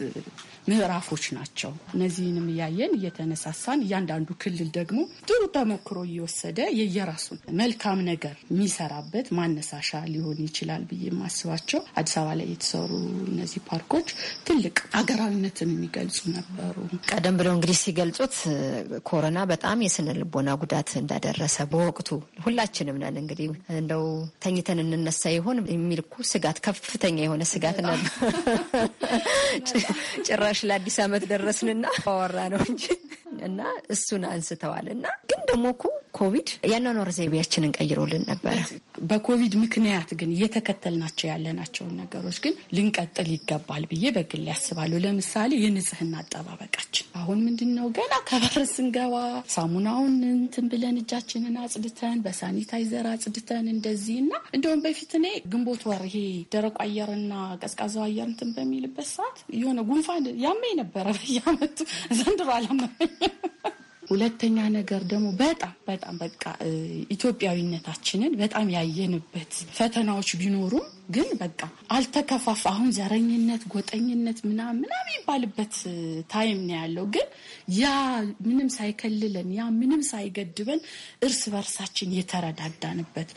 Speaker 14: ምዕራፎች ናቸው። እነዚህንም እያየን እየተነሳሳን እያንዳንዱ ክልል ደግሞ ጥሩ ተሞክሮ እየወሰደ የየራሱን መልካም ነገር የሚሰራበት ማነሳሻ ሊሆን ይችላል ብዬ ማስባቸው
Speaker 9: አዲስ አበባ ላይ የተሰሩ እነዚህ ፓርኮች ትልቅ አገራዊነትን የሚገልጹ ነበሩ። ቀደም ብለው እንግዲህ ሲገልጹት ኮሮና በጣም የስነ ልቦና ጉዳት እንዳደረሰ በወቅቱ ሁላችንም ነን እንግዲህ እንደው ተኝተን እንነሳ ይሆን የሚል እኮ ስጋት ከፍተኛ የሆነ ስጋት ነበር። ጭራሽ ለአዲስ አመት ደረስንና አወራ ነው እንጂ እና እሱን አንስተዋል እና ግን ደግሞ እኮ ኮቪድ ያኗኗር ዘይቤያችንን ቀይሮልን ነበረ።
Speaker 14: በኮቪድ ምክንያት ግን እየተከተልናቸው ያለናቸውን ነገሮች ነገሮች ግን ልንቀጥል ይገባል ብዬ በግል ያስባለሁ። ለምሳሌ የንጽህና አጠባበቃችን አሁን ምንድን ነው ገና ከበር ስንገባ ሳሙናውን እንትን ብለን እጃችንን አጽድተን በሳኒታይዘር አጽድተን እንደዚህ እና እንደውም በፊት እኔ ግንቦት ወር ይሄ ደረቁ አየርና ቀዝቃዛው አየር እንትን በሚልበት ሰዓት የሆነ ጉንፋን ያመኝ ነበረ በየአመቱ ዘንድሮ አላመመኝም። ሁለተኛ ነገር ደግሞ በጣም በጣም በቃ ኢትዮጵያዊነታችንን በጣም ያየንበት ፈተናዎች ቢኖሩም ግን በቃ አልተከፋፋ አሁን ዘረኝነት፣ ጎጠኝነት ምናምን ምናምን ይባልበት ታይም ነው ያለው። ግን ያ ምንም ሳይከልለን ያ ምንም ሳይገድበን እርስ በርሳችን የተረዳዳንበት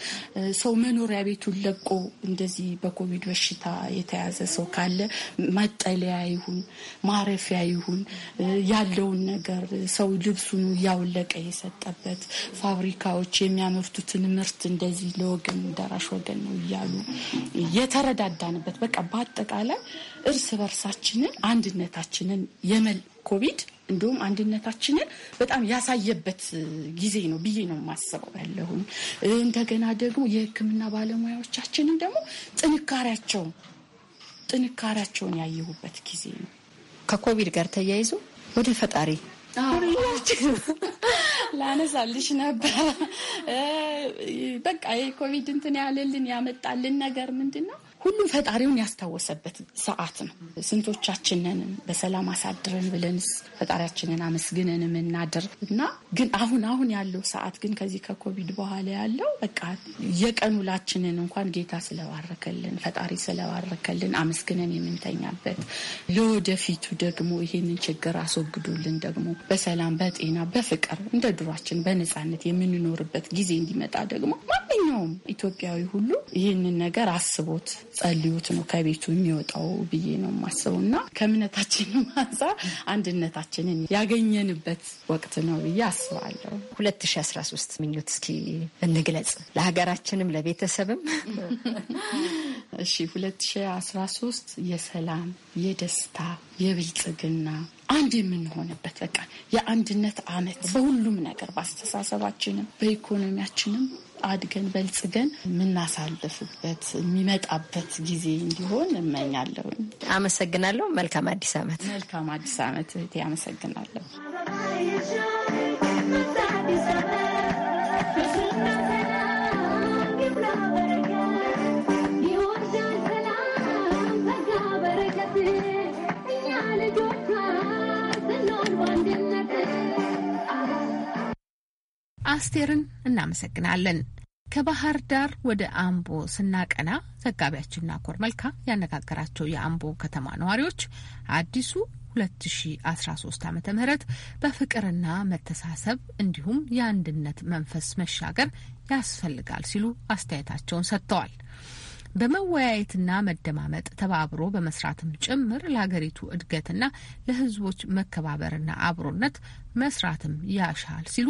Speaker 14: ሰው መኖሪያ ቤቱን ለቆ እንደዚህ በኮቪድ በሽታ የተያዘ ሰው ካለ መጠለያ ይሁን ማረፊያ ይሁን ያለውን ነገር ሰው ልብሱን እያወለቀ የሰጠበት ፋብሪካዎች የሚያመርቱትን ምርት እንደዚህ ለወገን ደራሽ ወገን ነው እያሉ የተረዳዳንበት በቃ በአጠቃላይ እርስ በርሳችንን አንድነታችንን የመል ኮቪድ እንዲሁም አንድነታችንን በጣም ያሳየበት ጊዜ ነው ብዬ ነው የማስበው ያለሁኝ። እንደገና ደግሞ የሕክምና ባለሙያዎቻችንን ደግሞ ጥንካሬያቸውን ጥንካሬያቸውን ያየሁበት ጊዜ ነው። ከኮቪድ ጋር ተያይዞ ወደ ፈጣሪ ላነሳልሽ ነበር። በቃ የኮቪድ እንትን ያለልን ያመጣልን ነገር ምንድን ነው? ሁሉም ፈጣሪውን ያስታወሰበት ሰዓት ነው። ስንቶቻችንን በሰላም አሳድረን ብለንስ ፈጣሪያችንን አመስግነን የምናድር እና ግን አሁን አሁን ያለው ሰዓት ግን ከዚህ ከኮቪድ በኋላ ያለው በቃ የቀን ውላችንን እንኳን ጌታ ስለባረከልን ፈጣሪ ስለባረከልን አመስግነን የምንተኛበት ለወደፊቱ ደግሞ ይሄንን ችግር አስወግዶልን ደግሞ በሰላም በጤና በፍቅር እንደ ድሯችን በነፃነት የምንኖርበት ጊዜ እንዲመጣ ደግሞ ማንኛውም ኢትዮጵያዊ ሁሉ ይህንን ነገር አስቦት ጸልዩት ነው ከቤቱ የሚወጣው ብዬ ነው የማስበው እና ከእምነታችን አንጻር አንድነታችንን
Speaker 9: ያገኘንበት ወቅት ነው ብዬ አስባለሁ። 2013 ምኞት እስኪ እንግለጽ ለሀገራችንም ለቤተሰብም። እሺ
Speaker 14: 2013 የሰላም የደስታ የብልጽግና አንድ የምንሆንበት በቃ የአንድነት አመት በሁሉም ነገር በአስተሳሰባችንም በኢኮኖሚያችንም አድገን በልጽገን የምናሳልፍበት የሚመጣበት ጊዜ
Speaker 9: እንዲሆን እመኛለሁ። አመሰግናለሁ። መልካም አዲስ ዓመት። መልካም አዲስ አመት መልካም አዲስ አመት አመሰግናለሁ።
Speaker 11: Thank you.
Speaker 2: አስቴርን እናመሰግናለን። ከባህር ዳር ወደ አምቦ ስናቀና ዘጋቢያችን ናኮር መልካ ያነጋገራቸው የአምቦ ከተማ ነዋሪዎች አዲሱ 2013 ዓ ም በፍቅርና መተሳሰብ እንዲሁም የአንድነት መንፈስ መሻገር ያስፈልጋል ሲሉ አስተያየታቸውን ሰጥተዋል። በመወያየትና መደማመጥ ተባብሮ በመስራትም ጭምር ለሀገሪቱ እድገትና ለህዝቦች መከባበርና አብሮነት መስራትም ያሻል ሲሉ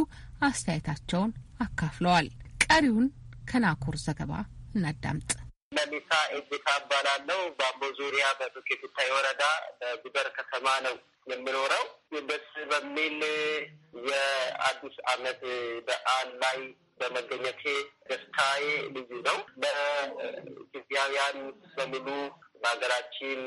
Speaker 2: አስተያየታቸውን አካፍለዋል። ቀሪውን ከናኮር ዘገባ እናዳምጥ።
Speaker 10: መሊሳ እጅታ እባላለሁ። በአምቦ ዙሪያ በዱኬትታ ወረዳ በጉደር ከተማ ነው የምኖረው። ደስ በሚል የአዲስ አመት በዓል ላይ በመገኘቴ ደስታዬ ልዩ ነው። በኢትዮጵያውያን በሙሉ በሀገራችን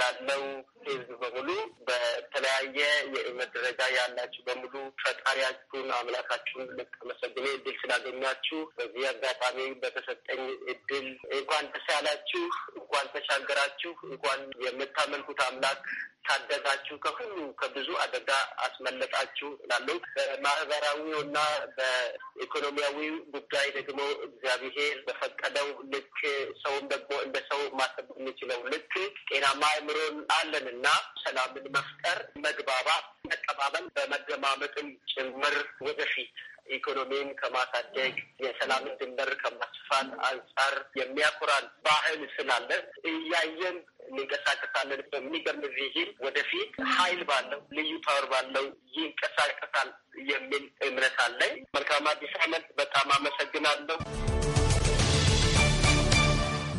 Speaker 10: ላለው ህዝብ በሙሉ በተለያየ
Speaker 15: የእምነት ደረጃ ያላችሁ በሙሉ ፈጣሪያችሁን አምላካችሁን ልታመሰግኑ እድል ስላገኛችሁ
Speaker 10: በዚህ አጋጣሚ በተሰጠኝ እድል እንኳን ደስ ያላችሁ፣ እንኳን ተሻገራችሁ፣ እንኳን የምታመልኩት አምላክ ታደጋችሁ፣ ከሁሉ ከብዙ አደጋ አስመለጣችሁ እላለሁ። በማህበራዊው እና በኢኮኖሚያዊ ጉዳይ ደግሞ እግዚአብሔር በፈቀደው ልክ ሰውን ደግሞ እንደ ሰው ማሰብ የሚችለው ልክ ጤናማ አእምሮን አለን እና ሰላምን መፍጠር፣ መግባባት፣ መቀባበል በመደማመጥም ጭምር ወደፊት ኢኮኖሚን ከማሳደግ የሰላምን ድንበር ከማስፋት አንጻር የሚያኩራን ባህል ስላለ እያየን እንንቀሳቀሳለን። በሚገርም ቪዥን ወደፊት ኃይል ባለው ልዩ ፓወር ባለው ይንቀሳቀሳል የሚል እምነት አለኝ። መልካም አዲስ ዓመት። በጣም አመሰግናለሁ።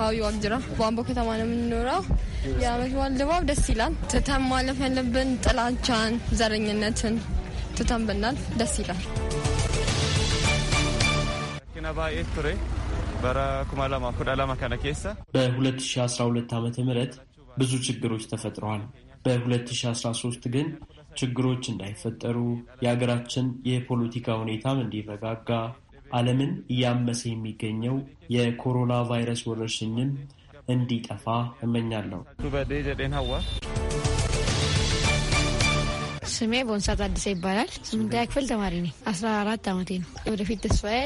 Speaker 13: አዩ አግጅራ በአምቦ ከተማ ነው የምንኖረው። የአመት በዓል ድባብ ደስ ይላል። ትተን ማለፍ ያለብን ጥላቻን፣ ዘረኝነትን ትተን ብናልፍ ደስ ይላል።
Speaker 8: በ2012
Speaker 16: ዓ ም ብዙ ችግሮች ተፈጥረዋል። በ2013 ግን ችግሮች እንዳይፈጠሩ የሀገራችን የፖለቲካ ሁኔታም እንዲረጋጋ ዓለምን እያመሰ የሚገኘው የኮሮና ቫይረስ ወረርሽኝም እንዲጠፋ እመኛለሁ።
Speaker 8: ስሜ
Speaker 9: ቦንሳ ታደሰ ይባላል። ስምንተኛ ክፍል ተማሪ ነኝ። አስራ አራት አመቴ ነው። ወደፊት ተስፋዬ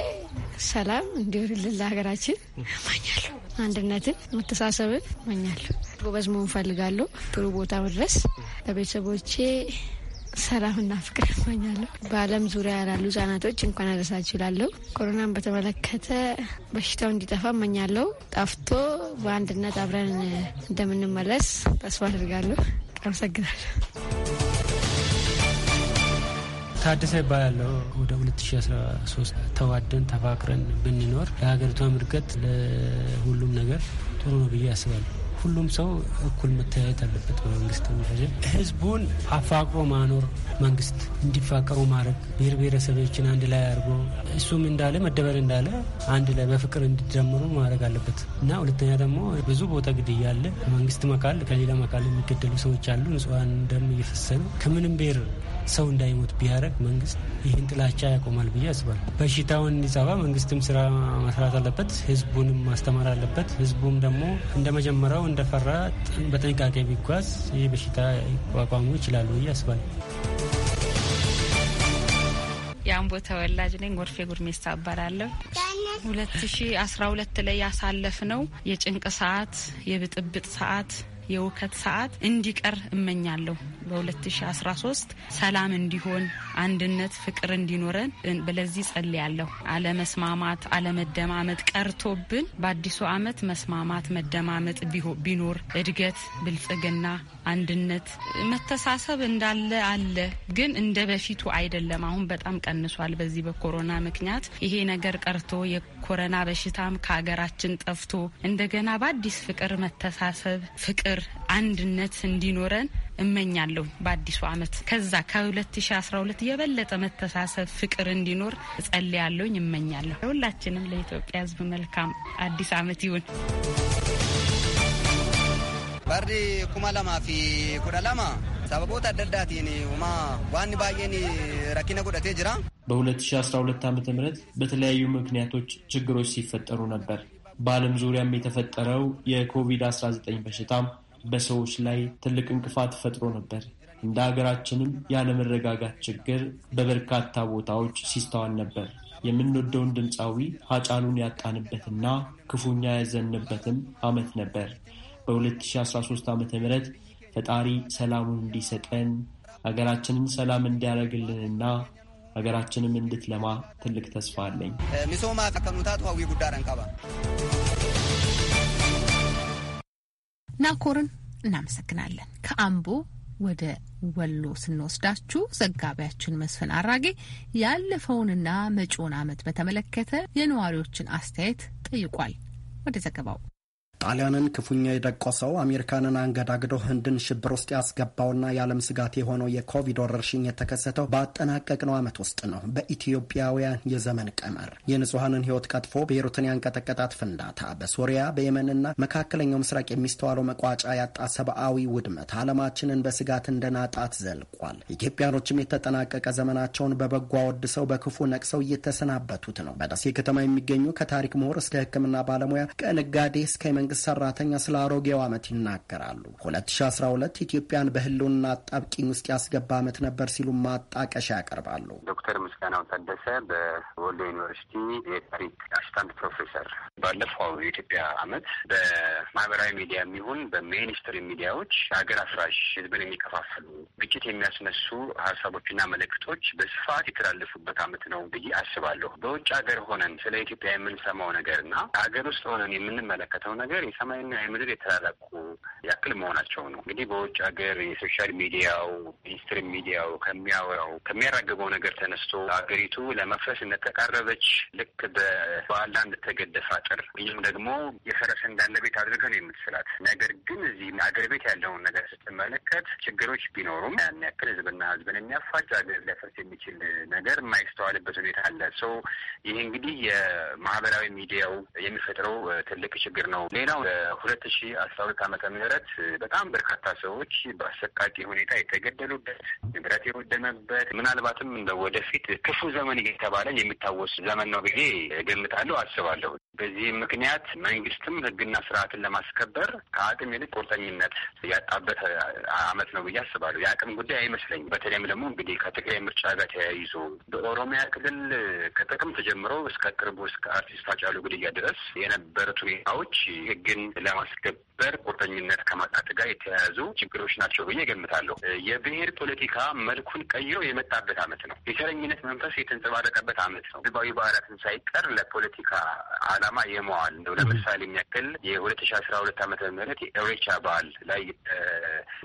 Speaker 9: ሰላም እንዲሆንልን ለሀገራችን እመኛለሁ። አንድነትን፣ መተሳሰብን እመኛለሁ። ጎበዝ መሆን እፈልጋለሁ። ጥሩ ቦታ መድረስ ለቤተሰቦቼ ሰላምና ፍቅር እመኛለሁ። በዓለም ዙሪያ ያላሉ ህጻናቶች እንኳን አደረሳችሁ እላለሁ። ኮሮናን በተመለከተ በሽታው እንዲጠፋ እመኛለሁ። ጠፍቶ በአንድነት አብረን እንደምንመለስ ተስፋ አድርጋለሁ። አመሰግናለሁ።
Speaker 15: ታደሰ ይባላለሁ። ወደ 2013 ተዋደን ተፋቅረን ብንኖር ለሀገሪቷም እድገት ለሁሉም ነገር ጥሩ ነው ብዬ አስባለሁ። ሁሉም ሰው እኩል መተያየት አለበት። በመንግስት ደረጃ ህዝቡን አፋቅሮ ማኖር፣ መንግስት እንዲፋቀሩ ማድረግ፣ ብሔር ብሔረሰቦችን አንድ ላይ አድርጎ እሱም እንዳለ መደበር እንዳለ አንድ ላይ በፍቅር እንዲጀምሩ ማድረግ አለበት እና ሁለተኛ ደግሞ ብዙ ቦታ ግድያ አለ። መንግስት መካል ከሌላ መካል የሚገደሉ ሰዎች አሉ። ንጹሃን ደም እየፈሰነ ከምንም ብሔር ሰው እንዳይሞት ቢያረግ መንግስት ይህን ጥላቻ ያቆማል ብዬ አስባለሁ። በሽታውን እንዲጸባ መንግስትም ስራ መስራት አለበት፣ ህዝቡንም ማስተማር አለበት። ህዝቡም ደግሞ እንደ መጀመሪያው እንደፈራ በጥንቃቄ ቢጓዝ ይህ በሽታ ይቋቋሙ ይችላሉ ብዬ አስባለሁ።
Speaker 6: የአምቦ ተወላጅ ነኝ። ጎርፌ ጉርሜሳ እባላለሁ።
Speaker 14: ሁለት ሺ አስራ ሁለት ላይ ያሳለፍ ነው የጭንቅ ሰዓት የብጥብጥ ሰዓት የውከት ሰዓት እንዲቀር እመኛለሁ። በ2013 ሰላም እንዲሆን፣ አንድነት፣ ፍቅር እንዲኖረን በለዚህ ጸልያለሁ። አለመስማማት፣ አለመደማመጥ ቀርቶብን በአዲሱ ዓመት መስማማት፣ መደማመጥ ቢኖር እድገት፣ ብልጽግና፣ አንድነት፣ መተሳሰብ እንዳለ አለ። ግን እንደ በፊቱ አይደለም። አሁን በጣም ቀንሷል። በዚህ በኮሮና ምክንያት ይሄ ነገር ቀርቶ የኮረና በሽታም ከሀገራችን ጠፍቶ እንደገና በአዲስ ፍቅር፣ መተሳሰብ፣ ፍቅር ፍቅር፣ አንድነት እንዲኖረን እመኛለሁ። በአዲሱ አመት ከዛ ከ2012 የበለጠ መተሳሰብ፣ ፍቅር እንዲኖር እጸልያለሁ፣ እመኛለሁ። ለሁላችንም ለኢትዮጵያ ሕዝብ መልካም አዲስ አመት ይሁን።
Speaker 10: ባርዲ ኩማ ለማ ፊ ኩዳ ለማ ሰበቦት አደዳቲን ማ ዋን ባየን ረኪነ ጉደቴ ጅራ
Speaker 16: በ2012 ዓ ም በተለያዩ ምክንያቶች ችግሮች ሲፈጠሩ ነበር። በዓለም ዙሪያም የተፈጠረው የኮቪድ-19 በሽታም በሰዎች ላይ ትልቅ እንቅፋት ፈጥሮ ነበር። እንደ ሀገራችንም ያለመረጋጋት ችግር በበርካታ ቦታዎች ሲስተዋል ነበር። የምንወደውን ድምፃዊ ሀጫሉን ያጣንበትና ክፉኛ ያዘንበትም ዓመት ነበር። በ2013 ዓ ም ፈጣሪ ሰላሙን እንዲሰጠን ሀገራችንን ሰላም እንዲያደርግልንና ሀገራችንም እንድትለማ ትልቅ ተስፋ አለኝ።
Speaker 10: ሚሶማ ቀኑታት ዋዊ ጉዳ
Speaker 2: ናኮርን እናመሰግናለን። ከአምቦ ወደ ወሎ ስንወስዳችሁ ዘጋቢያችን መስፍን አራጌ ያለፈውንና መጪውን ዓመት በተመለከተ የነዋሪዎችን አስተያየት ጠይቋል። ወደ ዘገባው
Speaker 17: ጣሊያንን ክፉኛ የደቆሰው አሜሪካንን አንገዳግዶ ህንድን ሽብር ውስጥ ያስገባውና የዓለም ስጋት የሆነው የኮቪድ ወረርሽኝ የተከሰተው ባጠናቀቅነው ዓመት ውስጥ ነው። በኢትዮጵያውያን የዘመን ቀመር የንጹሐንን ህይወት ቀጥፎ ቤይሩትን ያንቀጠቀጣት ፍንዳታ፣ በሶሪያ በየመንና መካከለኛው ምስራቅ የሚስተዋለው መቋጫ ያጣ ሰብአዊ ውድመት ዓለማችንን በስጋት እንደናጣት ዘልቋል። ኢትዮጵያኖችም የተጠናቀቀ ዘመናቸውን በበጎ አወድሰው በክፉ ነቅሰው እየተሰናበቱት ነው። በደሴ ከተማ የሚገኙ ከታሪክ ምሁር እስከ ህክምና ባለሙያ ከነጋዴ እስከ የመንግስት ሰራተኛ ስለ አሮጌው ዓመት ይናገራሉ። 2012 ኢትዮጵያን በህልውና አጣብቂኝ ውስጥ ያስገባ ዓመት ነበር ሲሉ ማጣቀሻ ያቀርባሉ።
Speaker 18: ዶክተር ምስጋናው ታደሰ በወሎ ዩኒቨርሲቲ የታሪክ አስታንት ፕሮፌሰር ባለፈው የኢትዮጵያ ዓመት በማህበራዊ ሚዲያ የሚሆን በሜንስትሪም ሚዲያዎች ሀገር አፍራሽ ህዝብን የሚከፋፍሉ ግጭት የሚያስነሱ ሀሳቦችና መልእክቶች በስፋት የተላለፉበት ዓመት ነው ብዬ አስባለሁ። በውጭ ሀገር ሆነን ስለ ኢትዮጵያ የምንሰማው ነገርና ሀገር ውስጥ ሆነን የምንመለከተው ነገር ነገር የሰማይና የምድር የተላላቁ ያክል መሆናቸው ነው። እንግዲህ በውጭ ሀገር የሶሻል ሚዲያው ሚኒስትሪም ሚዲያው ከሚያወራው ከሚያራግበው ነገር ተነስቶ ሀገሪቱ ለመፍረስ እንደተቃረበች ልክ በባላ እንደተገደፈ አጥር ይህም ደግሞ የፈረሰ እንዳለ ቤት አድርገ ነው የምትስላት። ነገር ግን እዚህ ሀገር ቤት ያለውን ነገር ስትመለከት ችግሮች ቢኖሩም ያን ያክል ህዝብና ህዝብን የሚያፋጭ ሀገር ሊያፈርስ የሚችል ነገር የማይስተዋልበት ሁኔታ አለ። ሰው ይህ እንግዲህ የማህበራዊ ሚዲያው የሚፈጥረው ትልቅ ችግር ነው። ሌላው ሁለት ሺ አስራ ሁለት ዓመተ ምህረት በጣም በርካታ ሰዎች በአሰቃቂ ሁኔታ የተገደሉበት ንብረት የወደመበት ምናልባትም እንደ ወደፊት ክፉ ዘመን እየተባለ የሚታወስ ዘመን ነው ብዬ እገምታለሁ አስባለሁ። በዚህም ምክንያት መንግስትም ህግና ስርዓትን ለማስከበር ከአቅም ይልቅ ቁርጠኝነት ያጣበት አመት ነው ብዬ አስባለሁ። የአቅም ጉዳይ አይመስለኝም። በተለይም ደግሞ እንግዲህ ከትግራይ ምርጫ ጋር ተያይዞ በኦሮሚያ ክልል ከጥቅምት ጀምሮ እስከ ቅርቡ እስከ አርቲስት ሃጫሉ ግድያ ድረስ የነበሩት ሁኔታዎች ህግን ለማስከበር በር ቁርጠኝነት ከማጣት ጋር የተያያዙ ችግሮች ናቸው ብዬ ገምታለሁ። የብሔር ፖለቲካ መልኩን ቀይሮ የመጣበት አመት ነው። የዘረኝነት መንፈስ የተንጸባረቀበት አመት ነው። ህዝባዊ በዓላትን ሳይቀር ለፖለቲካ አላማ የመዋል እንደው ለምሳሌ የሚያክል የሁለት ሺ አስራ ሁለት አመተ ምህረት የኢሬቻ በዓል ላይ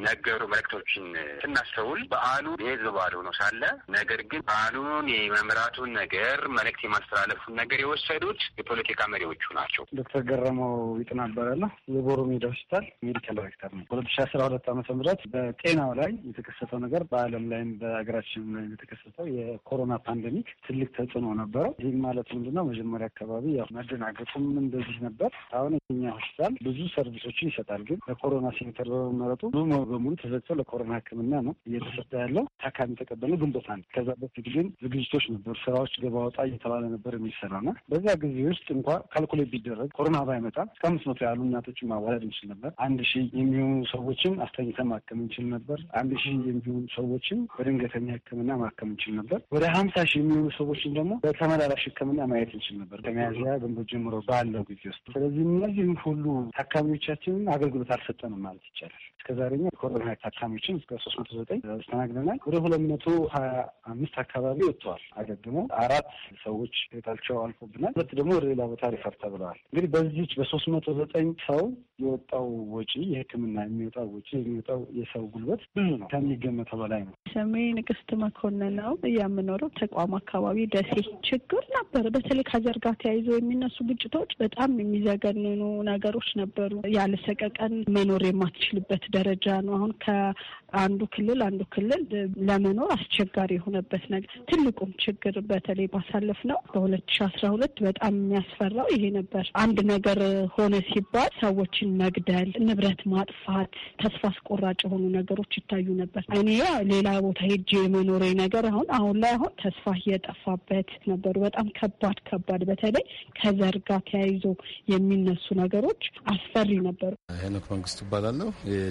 Speaker 18: ነገሩ መልእክቶችን ስናስተውል በዓሉ የህዝብ በዓል ሆኖ ሳለ ነገር ግን በዓሉን የመምራቱን ነገር መልእክት የማስተላለፉን ነገር የወሰዱት የፖለቲካ መሪዎቹ
Speaker 19: ናቸው። ዶክተር ገረመው ይጥናበራለ የቦሮሚ ሜዳ ሆስፒታል ሜዲካል ዳይሬክተር ነው። ሁለት ሺ አስራ ሁለት አመተ ምህረት በጤናው ላይ የተከሰተው ነገር በዓለም ላይም በሀገራችን ላይ የተከሰተው የኮሮና ፓንደሚክ ትልቅ ተጽዕኖ ነበረው። ይህም ማለት ምንድነው መጀመሪያ አካባቢ ያው መደናገጡም እንደዚህ ነበር። አሁን የኛ ሆስፒታል ብዙ ሰርቪሶችን ይሰጣል፣ ግን ለኮሮና ሴንተር በመመረጡ ሙሉ በሙሉ ተዘግቶ ለኮሮና ሕክምና ነው እየተሰጠ ያለው። ታካሚ ተቀበለ ግንቦት አንድ። ከዛ በፊት ግን ዝግጅቶች ነበሩ፣ ስራዎች ገባ ወጣ እየተባለ ነበር የሚሰራና በዛ ጊዜ ውስጥ እንኳ ካልኩሌት ቢደረግ ኮሮና ባይመጣ እስከ አምስት መቶ ያሉ እናቶችን ማዋለድ እንችል ነበር። አንድ ሺህ የሚሆኑ ሰዎችን አስተኝተን ማከም እንችል ነበር። አንድ ሺህ የሚሆኑ ሰዎችን በድንገተኛ ሕክምና ማከም እንችል ነበር። ወደ ሀምሳ ሺህ የሚሆኑ ሰዎችን ደግሞ በተመላላሽ ሕክምና ማየት እንችል ነበር ከሚያዝያ ግንቦት ጀምሮ ባለው ጊዜ ውስጥ። ስለዚህ እነዚህም ሁሉ ታካሚዎቻችንን አገልግሎት አልሰጠንም ማለት ይቻላል። እስከዛሬኛ ኮሮና ታካሚዎችን እስከ ሶስት መቶ ዘጠኝ አስተናግደናል። ወደ ሁለት መቶ ሀያ አምስት አካባቢ ወጥተዋል። አገግሞ አራት ሰዎች ህይወታቸው አልፎብናል። ሁለት ደግሞ ወደ ሌላ ቦታ ሪፈር ተብለዋል። እንግዲህ በዚች በሶስት መቶ ዘጠኝ ሰው የወጣው ወጪ የህክምና የሚወጣው ወጪ የሚወጣው የሰው ጉልበት ብዙ ነው፣ ከሚገመተው በላይ ነው።
Speaker 14: ስሜ ንግስት
Speaker 13: መኮንን ነው። የምኖረው ተቋም አካባቢ ደሴ። ችግር ነበር። በተለይ ከዘር ጋር ተያይዞ የሚነሱ ግጭቶች በጣም የሚዘገንኑ ነገሮች ነበሩ። ያለ ሰቀቀን መኖር የማትችልበት ደረጃ ነው። አሁን ከአንዱ ክልል አንዱ ክልል ለመኖር አስቸጋሪ የሆነበት ነገር ትልቁም ችግር በተለይ ባሳለፍ ነው በሁለት ሺ አስራ ሁለት በጣም የሚያስፈራው ይሄ ነበር። አንድ ነገር ሆነ ሲባል ሰዎችን መግደል፣ ንብረት ማጥፋት፣ ተስፋ አስቆራጭ የሆኑ ነገሮች ይታዩ ነበር። እኔ ሌላ ቦታ ሄጄ የመኖሬ ነገር አሁን አሁን ላይ አሁን ተስፋ የጠፋበት ነበሩ። በጣም ከባድ ከባድ በተለይ ከዘር ጋር ተያይዞ የሚነሱ ነገሮች አስፈሪ ነበሩ።
Speaker 8: ሄኖክ መንግስቱ
Speaker 20: እባላለሁ።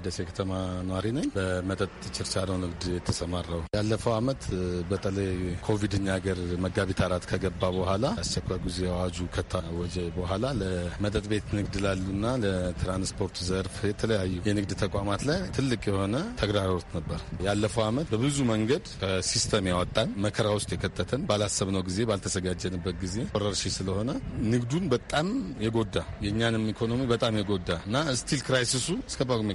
Speaker 20: ደሴ ከተማ ነዋሪ ነኝ። በመጠጥ ችርቻሮ ንግድ የተሰማራው ያለፈው አመት በተለይ ኮቪድ እኛ ሀገር መጋቢት አራት ከገባ በኋላ አስቸኳይ ጊዜ አዋጁ ከታወጀ በኋላ ለመጠጥ ቤት ንግድ ላሉና ለትራንስፖርት ዘርፍ የተለያዩ የንግድ ተቋማት ላይ ትልቅ የሆነ ተግዳሮት ነበር። ያለፈው አመት በብዙ መንገድ ከሲስተም ያወጣን መከራ ውስጥ የከተተን ባላሰብነው ጊዜ ባልተዘጋጀንበት ጊዜ ወረርሽኝ ስለሆነ ንግዱን በጣም የጎዳ የእኛንም ኢኮኖሚ በጣም የጎዳ እና ስቲል ክራይሲሱ እስከ ባቁም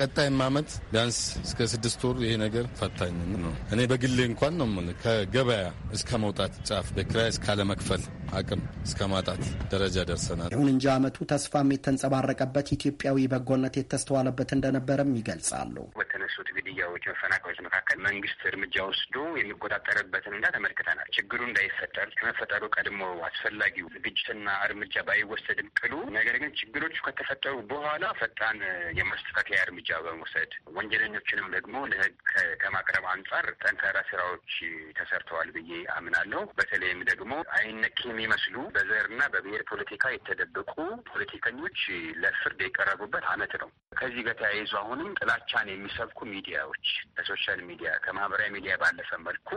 Speaker 20: ቀጣይም አመት ቢያንስ እስከ ስድስት ወር ይሄ ነገር ፈታኝ ነው። እኔ በግሌ እንኳን ነው ከገበያ እስከ መውጣት ጫፍ በክራይ እስከ አለመክፈል አቅም እስከ ማጣት ደረጃ ደርሰናል።
Speaker 17: ይሁን እንጂ አመቱ ተስፋም የተንጸባረቀበት ኢትዮጵያዊ በጎነት የተስተዋለበት እንደነበረም ይገልጻሉ።
Speaker 18: በተነሱት ግድያዎች፣ መፈናቃዮች መካከል መንግስት እርምጃ ወስዶ የሚቆጣጠርበትን እንዳ ተመልክተናል። ችግሩ እንዳይፈጠር ከመፈጠሩ ቀድሞ አስፈላጊው ዝግጅትና እርምጃ ባይወሰድም ቅሉ ነገር ግን ችግሮቹ ከተፈጠሩ በኋላ ፈጣን የማስተካከያ ላይ እርምጃ በመውሰድ ወንጀለኞችንም ደግሞ ለህግ ከማቅረብ አንጻር ጠንካራ ስራዎች ተሰርተዋል ብዬ አምናለሁ። በተለይም ደግሞ አይነክ የሚመስሉ በዘርና በብሔር ፖለቲካ የተደበቁ ፖለቲከኞች ለፍርድ የቀረቡበት አመት ነው። ከዚህ ጋር ተያይዞ አሁንም ጥላቻን የሚሰብኩ ሚዲያዎች ከሶሻል ሚዲያ ከማህበራዊ ሚዲያ ባለፈ መልኩ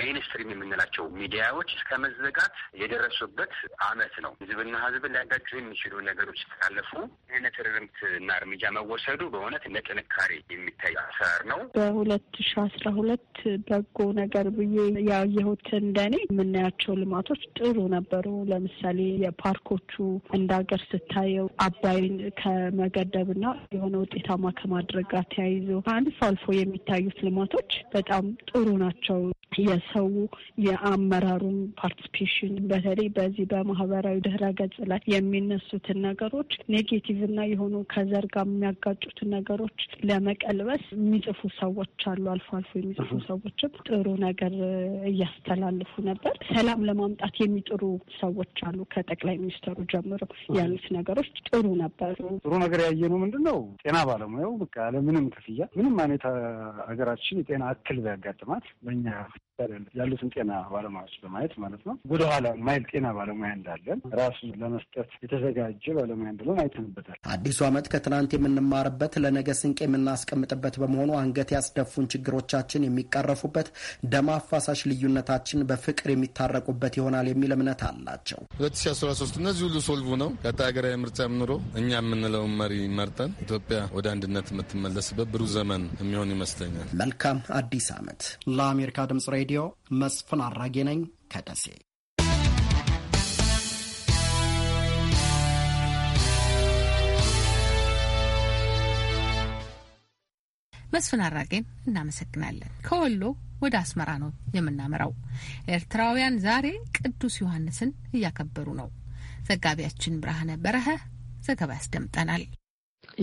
Speaker 18: ሜይንስትሪም የምንላቸው ሚዲያዎች እስከ መዘጋት የደረሱበት አመት ነው። ህዝብና ህዝብ ሊያጋጩ የሚችሉ ነገሮች ተላለፉ። አይነት ርምት እና እርምጃ መወሰዱ በእውነት እንደ ጥንካሬ የሚታይ አሰራር ነው።
Speaker 13: በሁለት ሺ አስራ ሁለት በጎ ነገር ብዬ ያየሁት እንደኔ የምናያቸው ልማቶች ጥሩ ነበሩ። ለምሳሌ የፓርኮቹ እንደ ሀገር ስታየው አባይን ከመገደብና የሆነ ውጤታማ ከማድረግ ጋር ተያይዞ አልፎ አልፎ የሚታዩት ልማቶች በጣም ጥሩ ናቸው። የሰው የአመራሩን ፓርቲስፔሽን በተለይ በዚህ በማህበራዊ ድህረ ገጽ ላይ የሚነሱትን ነገሮች ኔጌቲቭ እና የሆኑ ከዘር ጋር የሚያጋጩት ያሉትን ነገሮች ለመቀልበስ የሚጽፉ ሰዎች አሉ። አልፎ አልፎ የሚጽፉ ሰዎችም ጥሩ ነገር እያስተላልፉ ነበር። ሰላም ለማምጣት የሚጥሩ ሰዎች አሉ። ከጠቅላይ ሚኒስትሩ ጀምሮ ያሉት ነገሮች ጥሩ ነበሩ።
Speaker 19: ጥሩ ነገር ያየነው ምንድን ነው? ጤና ባለሙያው በቃ ያለ ክፍያ ምንም አይነት ሀገራችን የጤና እክል ቢያጋጥማት በእኛ ያሉትን ጤና ባለሙያዎች በማየት ማለት ነው ወደኋላ ማይል ጤና ባለሙያ እንዳለን ራሱ ለመስጠት የተዘጋጀ ባለሙያ እንዳለን አይተንበታል።
Speaker 17: አዲሱ ዓመት ከትናንት የምንማርበት ለነገ ስንቅ የምናስቀምጥበት በመሆኑ አንገት ያስደፉን ችግሮቻችን የሚቀረፉበት፣ ደም አፋሳሽ ልዩነታችን በፍቅር የሚታረቁበት ይሆናል የሚል እምነት አላቸው።
Speaker 20: 2013 እነዚህ ሁሉ ሶልቭ ነው ቀጣ ሀገራዊ ምርጫ ምኖሮ እኛ የምንለውን መሪ መርጠን ኢትዮጵያ ወደ አንድነት የምትመለስበት ብሩህ ዘመን የሚሆን ይመስለኛል። መልካም አዲስ ዓመት
Speaker 17: ለአሜሪካ ድምጽ ሬዲዮ መስፍን አራጌ ነኝ
Speaker 20: ከደሴ።
Speaker 2: መስፍን አራጌን እናመሰግናለን። ከወሎ ወደ አስመራ ነው የምናመራው። ኤርትራውያን ዛሬ ቅዱስ ዮሐንስን እያከበሩ ነው። ዘጋቢያችን ብርሃነ በረሀ ዘገባ ያስደምጠናል።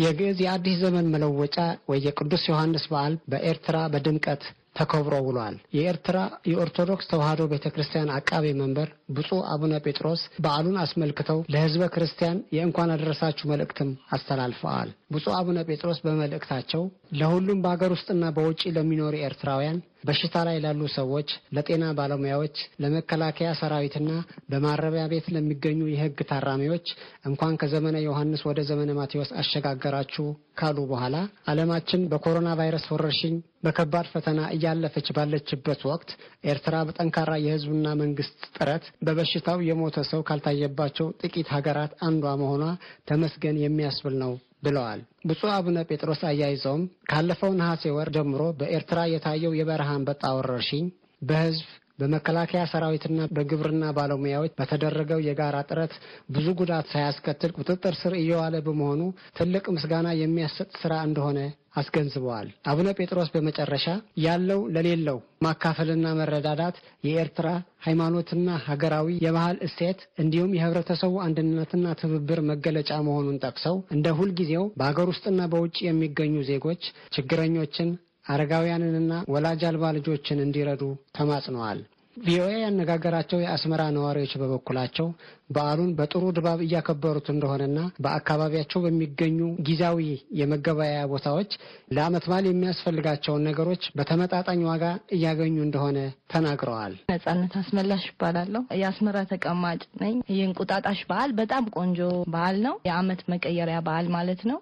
Speaker 21: የግዕዝ የአዲስ ዘመን መለወጫ ወይ የቅዱስ ዮሐንስ በዓል በኤርትራ በድምቀት ተከብሮ ውሏል። የኤርትራ የኦርቶዶክስ ተዋሕዶ ቤተ ክርስቲያን አቃቤ መንበር ብፁዕ አቡነ ጴጥሮስ በዓሉን አስመልክተው ለህዝበ ክርስቲያን የእንኳን አደረሳችሁ መልእክትም አስተላልፈዋል። ብፁዕ አቡነ ጴጥሮስ በመልእክታቸው ለሁሉም በሀገር ውስጥና በውጭ ለሚኖሩ ኤርትራውያን በሽታ ላይ ላሉ ሰዎች፣ ለጤና ባለሙያዎች፣ ለመከላከያ ሰራዊትና በማረቢያ ቤት ለሚገኙ የህግ ታራሚዎች እንኳን ከዘመነ ዮሐንስ ወደ ዘመነ ማቴዎስ አሸጋገራችሁ ካሉ በኋላ ዓለማችን በኮሮና ቫይረስ ወረርሽኝ በከባድ ፈተና እያለፈች ባለችበት ወቅት ኤርትራ በጠንካራ የህዝብና መንግስት ጥረት በበሽታው የሞተ ሰው ካልታየባቸው ጥቂት ሀገራት አንዷ መሆኗ ተመስገን የሚያስብል ነው ብለዋል። ብፁዕ አቡነ ጴጥሮስ አያይዘውም ካለፈው ነሐሴ ወር ጀምሮ በኤርትራ የታየው የበረሃ አንበጣ ወረርሽኝ በህዝብ በመከላከያ ሰራዊትና በግብርና ባለሙያዎች በተደረገው የጋራ ጥረት ብዙ ጉዳት ሳያስከትል ቁጥጥር ስር እየዋለ በመሆኑ ትልቅ ምስጋና የሚያሰጥ ስራ እንደሆነ አስገንዝበዋል። አቡነ ጴጥሮስ በመጨረሻ ያለው ለሌለው ማካፈልና መረዳዳት የኤርትራ ሃይማኖትና ሀገራዊ የባህል እሴት እንዲሁም የህብረተሰቡ አንድነትና ትብብር መገለጫ መሆኑን ጠቅሰው እንደ ሁልጊዜው በሀገር ውስጥና በውጭ የሚገኙ ዜጎች ችግረኞችን አረጋውያንንና ወላጅ አልባ ልጆችን እንዲረዱ ተማጽነዋል። ቪኦኤ ያነጋገራቸው የአስመራ ነዋሪዎች በበኩላቸው በዓሉን በጥሩ ድባብ እያከበሩት እንደሆነና በአካባቢያቸው በሚገኙ ጊዜያዊ የመገበያያ ቦታዎች ለዓመት በዓል የሚያስፈልጋቸውን ነገሮች በተመጣጣኝ ዋጋ እያገኙ እንደሆነ ተናግረዋል። ነጻነት አስመላሽ ይባላለሁ። የአስመራ ተቀማጭ ነኝ።
Speaker 1: የእንቁጣጣሽ በዓል በጣም ቆንጆ በዓል ነው። የዓመት መቀየሪያ በዓል ማለት ነው።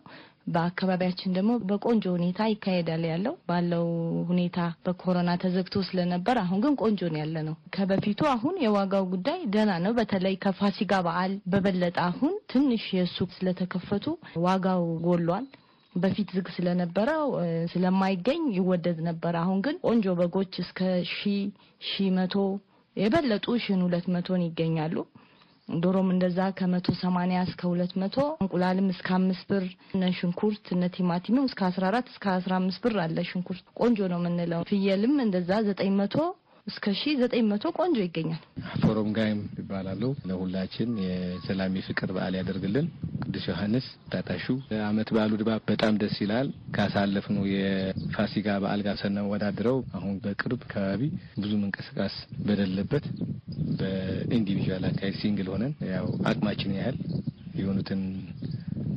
Speaker 1: በአካባቢያችን ደግሞ በቆንጆ ሁኔታ ይካሄዳል ያለው ባለው ሁኔታ በኮሮና ተዘግቶ ስለነበር አሁን ግን ቆንጆ ነው ያለ ነው ከበፊቱ። አሁን የዋጋው ጉዳይ ደህና ነው። በተለይ ከፋሲጋ በዓል በበለጠ አሁን ትንሽ የእሱ ስለተከፈቱ ዋጋው ጎሏል። በፊት ዝግ ስለነበረ ስለማይገኝ ይወደድ ነበር። አሁን ግን ቆንጆ በጎች እስከ ሺ ሺ መቶ የበለጡ ሽን ሁለት መቶን ይገኛሉ። ዶሮም እንደዛ ከመቶ ሰማኒያ እስከ ሁለት መቶ እንቁላልም እስከ አምስት ብር እነ ሽንኩርት እነ ቲማቲምም እስከ አስራ አራት እስከ አስራ አምስት ብር አለ። ሽንኩርት ቆንጆ ነው የምንለው። ፍየልም እንደዛ ዘጠኝ መቶ እስከ ሺህ ዘጠኝ መቶ ቆንጆ ይገኛል።
Speaker 20: ፎሮም ጋይም ይባላሉ። ለሁላችን የሰላሚ ፍቅር በዓል ያደርግልን። ቅዱስ ዮሐንስ ታታሹ አመት በዓሉ ድባብ በጣም ደስ ይላል። ካሳለፍነው የፋሲካ በዓል ጋር ስናወዳድረው አሁን በቅርብ አካባቢ ብዙም እንቅስቃሴ በሌለበት በኢንዲቪዥዋል አካሄድ ሲንግል ሆነን ያው አቅማችን ያህል የሆኑትን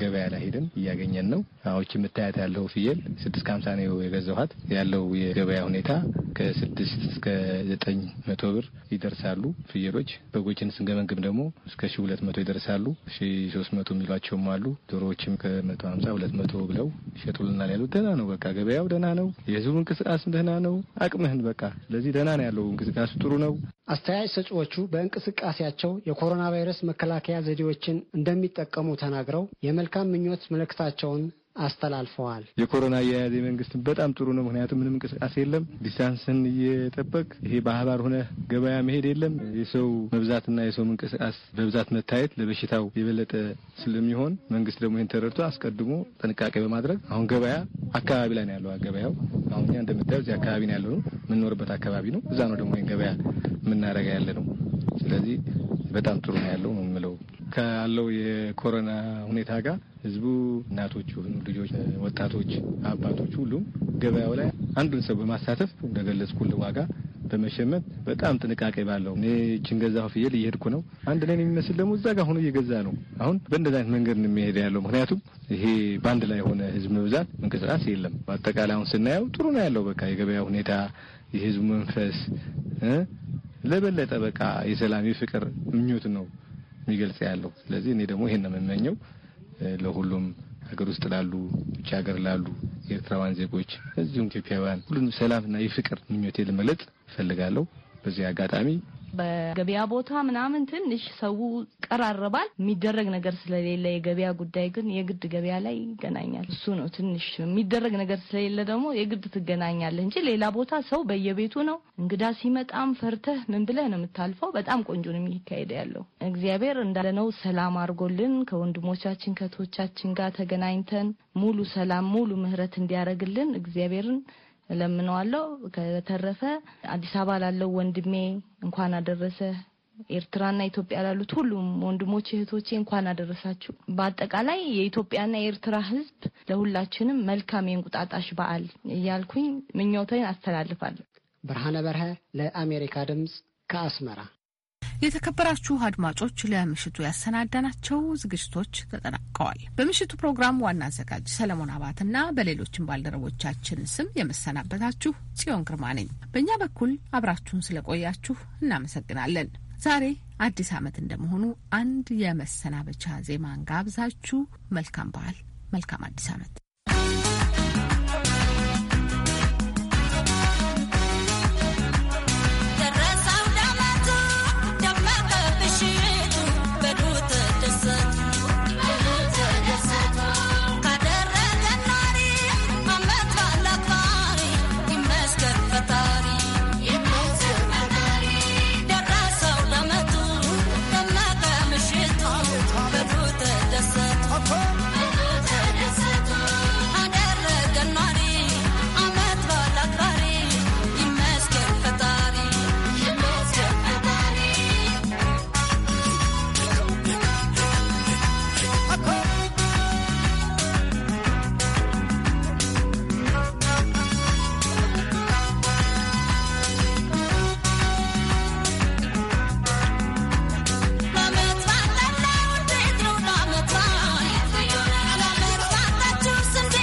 Speaker 20: ገበያ ላይ ሄደን እያገኘን ነው። አዎች የምታያት ያለው ፍየል ስድስት ከሀምሳ ነው የገዛኋት። ያለው የገበያ ሁኔታ ከስድስት እስከ ዘጠኝ መቶ ብር ይደርሳሉ ፍየሎች። በጎችን ስንገመግም ደግሞ እስከ ሺ ሁለት መቶ ይደርሳሉ። ሺ ሶስት መቶ የሚሏቸውም አሉ። ዶሮዎችም ከመቶ ሀምሳ ሁለት መቶ ብለው ይሸጡልናል ያሉት። ደህና ነው በቃ ገበያው ደህና ነው። የህዝቡ እንቅስቃሴ ደህና ነው። አቅምህን በቃ ስለዚህ ደህና ነው ያለው እንቅስቃሴ ጥሩ ነው።
Speaker 21: አስተያየት ሰጪዎቹ በእንቅስቃሴያቸው የኮሮና ቫይረስ መከላከያ ዘዴዎችን እንደሚጠቀሙ ተናግረው የመልካም ምኞት መልእክታቸውን አስተላልፈዋል።
Speaker 20: የኮሮና አያያዝ መንግስት በጣም ጥሩ ነው። ምክንያቱም ምንም እንቅስቃሴ የለም። ዲስታንስን እየጠበቅ ይሄ ባህባር ሆነ ገበያ መሄድ የለም። የሰው መብዛትና የሰው እንቅስቃሴ በብዛት መታየት ለበሽታው የበለጠ ስለሚሆን መንግስት ደግሞ ይህን ተረድቶ አስቀድሞ ጥንቃቄ በማድረግ አሁን ገበያ አካባቢ ላይ ነው ያለው። ገበያው አሁን እኛ እንደምታየው እዚህ አካባቢ ነው ያለው፣ የምንኖርበት አካባቢ ነው። እዛ ነው ደግሞ ይህን ገበያ የምናደርገው ያለ ነው። ስለዚህ በጣም ጥሩ ነው ያለው ነው የምለው ካለው የኮሮና ሁኔታ ጋር ህዝቡ እናቶች ሆኑ ልጆች፣ ወጣቶች፣ አባቶች ሁሉም ገበያው ላይ አንዱን ሰው በማሳተፍ እንደገለጽኩል ዋጋ በመሸመት በጣም ጥንቃቄ ባለው እኔ እችን ገዛ ፍየል እየሄድኩ ነው። አንድ ላይ የሚመስል ደግሞ እዛ ጋር ሆኖ እየገዛ ነው። አሁን በእንደዚ አይነት መንገድ የሚሄድ ያለው ምክንያቱም ይሄ በአንድ ላይ የሆነ ህዝብ መብዛት እንቅስቃሴ የለም። በአጠቃላይ አሁን ስናየው ጥሩ ነው ያለው በቃ የገበያ ሁኔታ የህዝቡ መንፈስ ለበለጠ በቃ የሰላም የፍቅር ምኞት ነው የሚገልጽ ያለው። ስለዚህ እኔ ደግሞ ይሄን ነው የምመኘው ለሁሉም ሀገር ውስጥ ላሉ ውጭ ሀገር ላሉ የኤርትራውያን ዜጎች እዚሁም ኢትዮጵያውያን ሁሉንም ሰላምና የፍቅር ምኞቴ ልመለጥ እፈልጋለሁ። በዚህ አጋጣሚ
Speaker 1: በገበያ ቦታ ምናምን ትንሽ ሰው ቀራረባል። የሚደረግ ነገር ስለሌለ የገበያ ጉዳይ ግን የግድ ገበያ ላይ ይገናኛል። እሱ ነው ትንሽ የሚደረግ ነገር ስለሌለ ደግሞ የግድ ትገናኛለህ እንጂ ሌላ ቦታ ሰው በየቤቱ ነው። እንግዳ ሲመጣም ፈርተህ ምን ብለህ ነው የምታልፈው። በጣም ቆንጆ ነው የሚካሄደ ያለው። እግዚአብሔር እንዳለ ነው ሰላም አድርጎልን ከወንድሞቻችን ከቶቻችን ጋር ተገናኝተን ሙሉ ሰላም ሙሉ ምህረት እንዲያደርግልን እግዚአብሔርን እለምነዋለሁ። ከተረፈ አዲስ አበባ ላለው ወንድሜ እንኳን አደረሰ ኤርትራና ኢትዮጵያ ላሉት ሁሉም ወንድሞቼ እህቶቼ እንኳን አደረሳችሁ። በአጠቃላይ የኢትዮጵያና የኤርትራ ሕዝብ ለሁላችንም መልካም የእንቁጣጣሽ በዓል እያልኩኝ ምኞቴን አስተላልፋለሁ። ብርሃነ በርሀ ለአሜሪካ ድምፅ ከአስመራ የተከበራችሁ አድማጮች ለምሽቱ
Speaker 2: ያሰናዳናቸው ዝግጅቶች ተጠናቀዋል። በምሽቱ ፕሮግራም ዋና አዘጋጅ ሰለሞን አባትና በሌሎችም ባልደረቦቻችን ስም የመሰናበታችሁ ጽዮን ግርማ ነኝ። በእኛ በኩል አብራችሁን ስለቆያችሁ እናመሰግናለን። ዛሬ አዲስ ዓመት እንደመሆኑ አንድ የመሰናበቻ ዜማን ጋብዛችሁ መልካም በዓል፣ መልካም አዲስ ዓመት